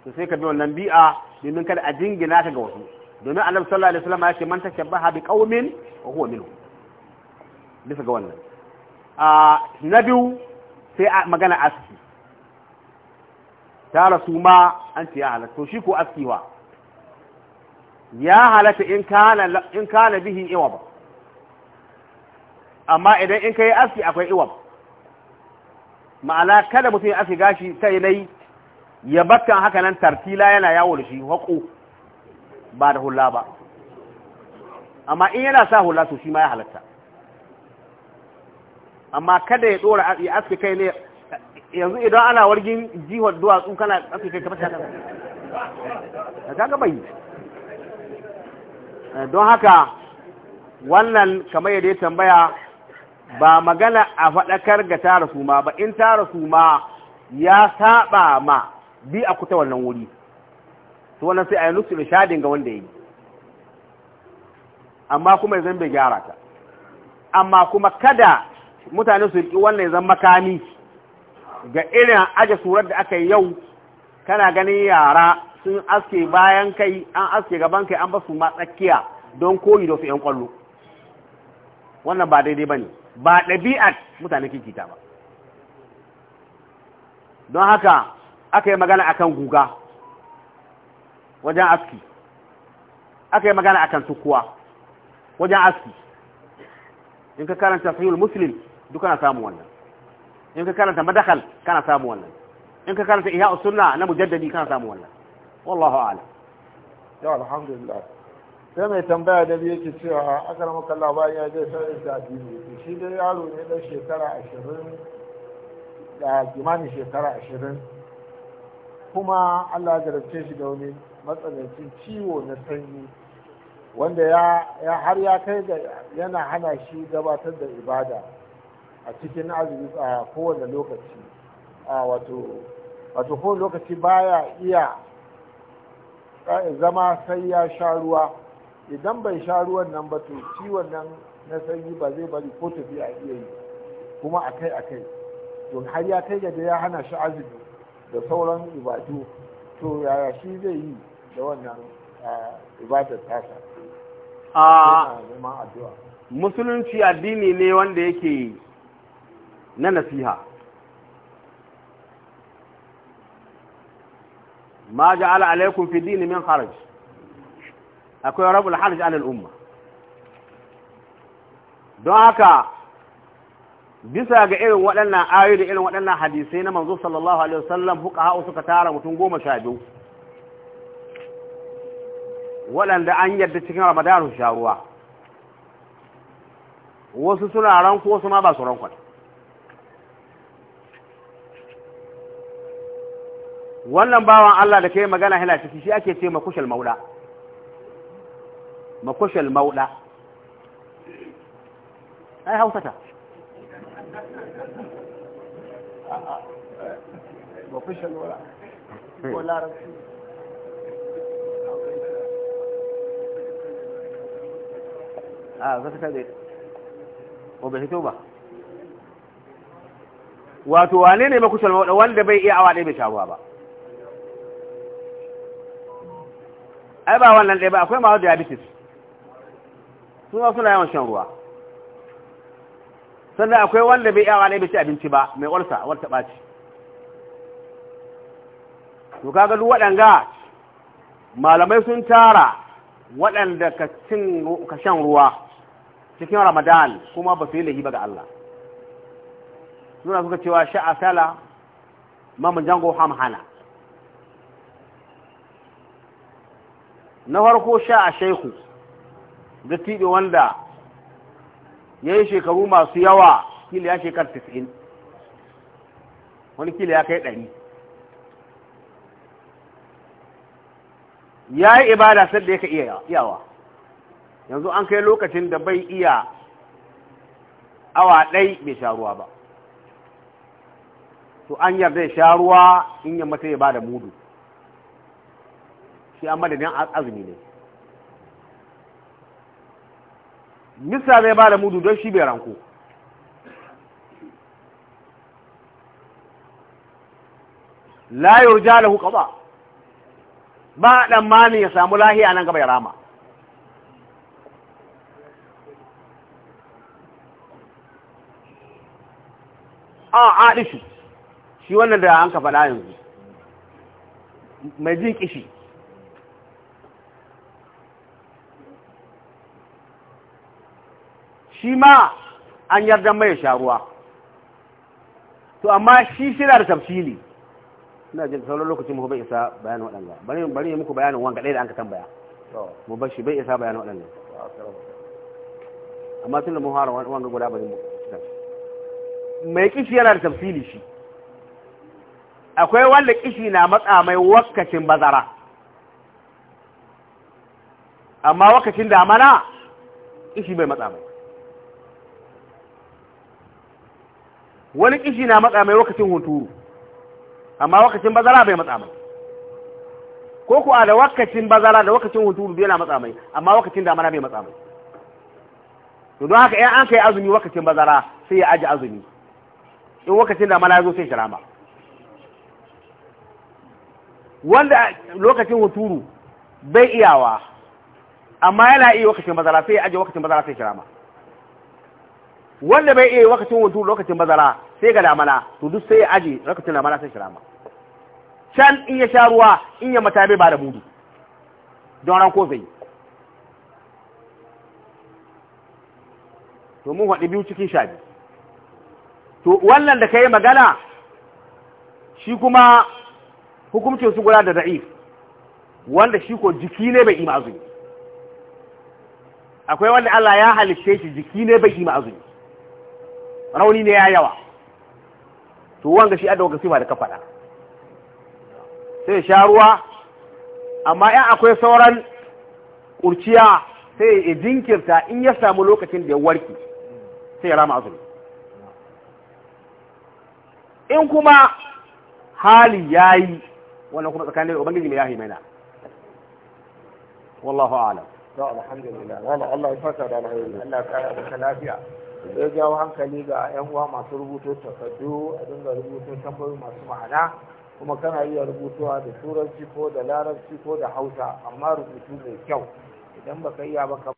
su sai ka bi wannan bi'a domin kada a jingina ta ga wasu domin annabi sallallahu alaihi wasallam ya ce man ba bi qaumin wa huwa minhum bisa ga wannan a na biyu sai a magana aski ta rasu ma an ce ya halatta to shi ko aski wa? ya halatta in kana in kana bihi iwa ba amma idan in kai aski akwai iwam ma'ana kada mutum ya aski gashi yi nai ya bakkan haka nan tartila yana yawo da shi haƙo ba da hula ba amma in yana sa hula to shi ma ya halatta amma kada ya tsora ya aski kai ne yanzu idan ana wargin jihar duwatsu kana aski kai kamar shakar da kaga bai eh, don haka wannan kamar yadda ya tambaya ba magana a faɗakar ga tara su ba in tara suma ya saba ma bi a kuta wannan wuri to wannan sai a yi nufin shadin ga wanda ya yi amma kuma zan bai gyara ta amma kuma kada mutane su yi wannan zan makami ga irin aje surar da aka yi yau kana ganin yara sun aske bayan kai an aske gaban kai an basu ma tsakiya don koyi da su 'yan kwallo wannan ba daidai ba ne ba ɗabi'at mutane kirki ta ba don haka aka yi magana akan guga wajen aski aka yi magana akan tukuwa wajen aski in ka karanta sahihul muslim duk kana samu wannan in ka karanta madakal kana samu wannan in ka karanta ihya sunna na mujaddadi kana samu wannan wallahu a'lam ya alhamdulillah sai mai tambaya da biyu ke cewa akar makalla bayan ya je sarar da addini shi dai yaro ne dan shekara ashirin da kimanin shekara ashirin kuma allah jarabce shi da wani matsanancin ciwo na sanyi wanda ya har ya kai ga yana hana shi gabatar da ibada a cikin azumi a kowane lokaci a wato wato kowane lokaci baya iya eh, zama sai ya sha ruwa idan bai sha ruwan nan ba to ciwon nan na sanyi ba zai bari ko tafiya iya yi kuma akai akai to har ya kai da ya hana shi azumi da sauran ibadu to yaya shi zai yi da wannan ibadar tasa a musulunci addini ne wanda yake na nasiha ma ja'ala alaikum fi dini min kharaj akwai rabul alhaji alal umma don haka bisa ga irin waɗannan ayoyi da irin waɗannan hadisai na manzo sallallahu alaihi wasallam hau suka tara mutum goma sha biyu waɗanda an yadda cikin ramadanu sha ruwa wasu suna ranku wasu ma ba su rankon wannan bawan Allah da ke magana hila ciki shi ake ce ma kushal mauda makwashal mauɗa ai eh. a bai hito ba wato wane ne makushal mauɗa wanda bai iya awa ɗaya bai shabuwa ba ai ba wannan ɗaya ba akwai mawa diabetes sun suna yawan shan ruwa sannan akwai wanda bai yawa ne bai ci abinci ba mai ulsa wata ɓaci to kaga duk waɗanga malamai sun tara waɗanda ka cin ka shan ruwa cikin ramadan kuma ba su yi lahi ba ga Allah suna suka cewa sha'a sala mamun jango hamhana na farko sha'a shaiku dattiɗi wanda ya yi shekaru masu yawa kila ya shekar 90 wani kila ya kai 100 ya yi ibada sadda ya ka iyawa yanzu an kai lokacin da bai iya awa ɗai mai sha ruwa ba to an yarda ya sha ruwa in yamma mata ya ba da mudu shi an madadin azumi ne mista zai ba da mudu don shi bai ranko la jihar da qada ba ba ɗan mani ya samu lahiya nan gaba ya rama a aɗi shi wannan da an ka faɗa yanzu mai jin kishi shi ma an yarda mai sharuwa to amma shi shira da tafsili ina jin sauran lokacin mu bai isa bayanin waɗanda bari bari yi muku bayanin wanga ɗaya da an ka tambaya mu bar shi bai isa bayanin waɗanda amma tun da mun fara wanga guda bari mu mai kishi yana da tafsili shi akwai wanda kishi na matsa mai wakacin bazara amma wakacin damana kishi bai matsa mai wani kishi na matsa mai lokacin hunturu amma lokacin bazara bai matsa mai ko kuwa da lokacin bazara da lokacin hunturu bai na matsa mai amma lokacin damana bai matsa mai to don haka in an kai azumi lokacin bazara sai ya aji azumi in lokacin damana ya zo sai shirama wanda lokacin hunturu bai iyawa amma yana iya lokacin bazara sai ya aji lokacin bazara sai shirama wanda bai iya lokacin wuntu lokacin bazara sai ga damana to duk sai ya aje lokacin damana sai shirama can in ya sha ruwa in ya matabe ba da mudu don ran ko zai to mun haɗu biyu cikin sha to wannan da ka yi magana shi kuma hukumcin su guda da da'if wanda shi ko jiki ne bai yi azumi akwai wanda Allah ya halisce shi jiki ne bai yi azumi rauni ne ya yawa to wanga shi adda sifa da ka faɗa sai sha ruwa amma in akwai sauran ƙurciya sai ya jinkirta in ya samu lokacin da ya warki, sai ya rama azumi in kuma hali ya yi, wannan kuma tsakanin ubangiji mai yahi maina wallahu a'lam to alhamdulillah wani Allah ya fata da alheri Allah ya kara da lafiya ya jawo hankali ga 'yan uwa masu rubuto takardu a dinga rubuto tambayoyi masu ma'ana kuma kana iya rubutuwa da turanci ko da larabci ko da hausa amma rubutu mai kyau idan baka iya ba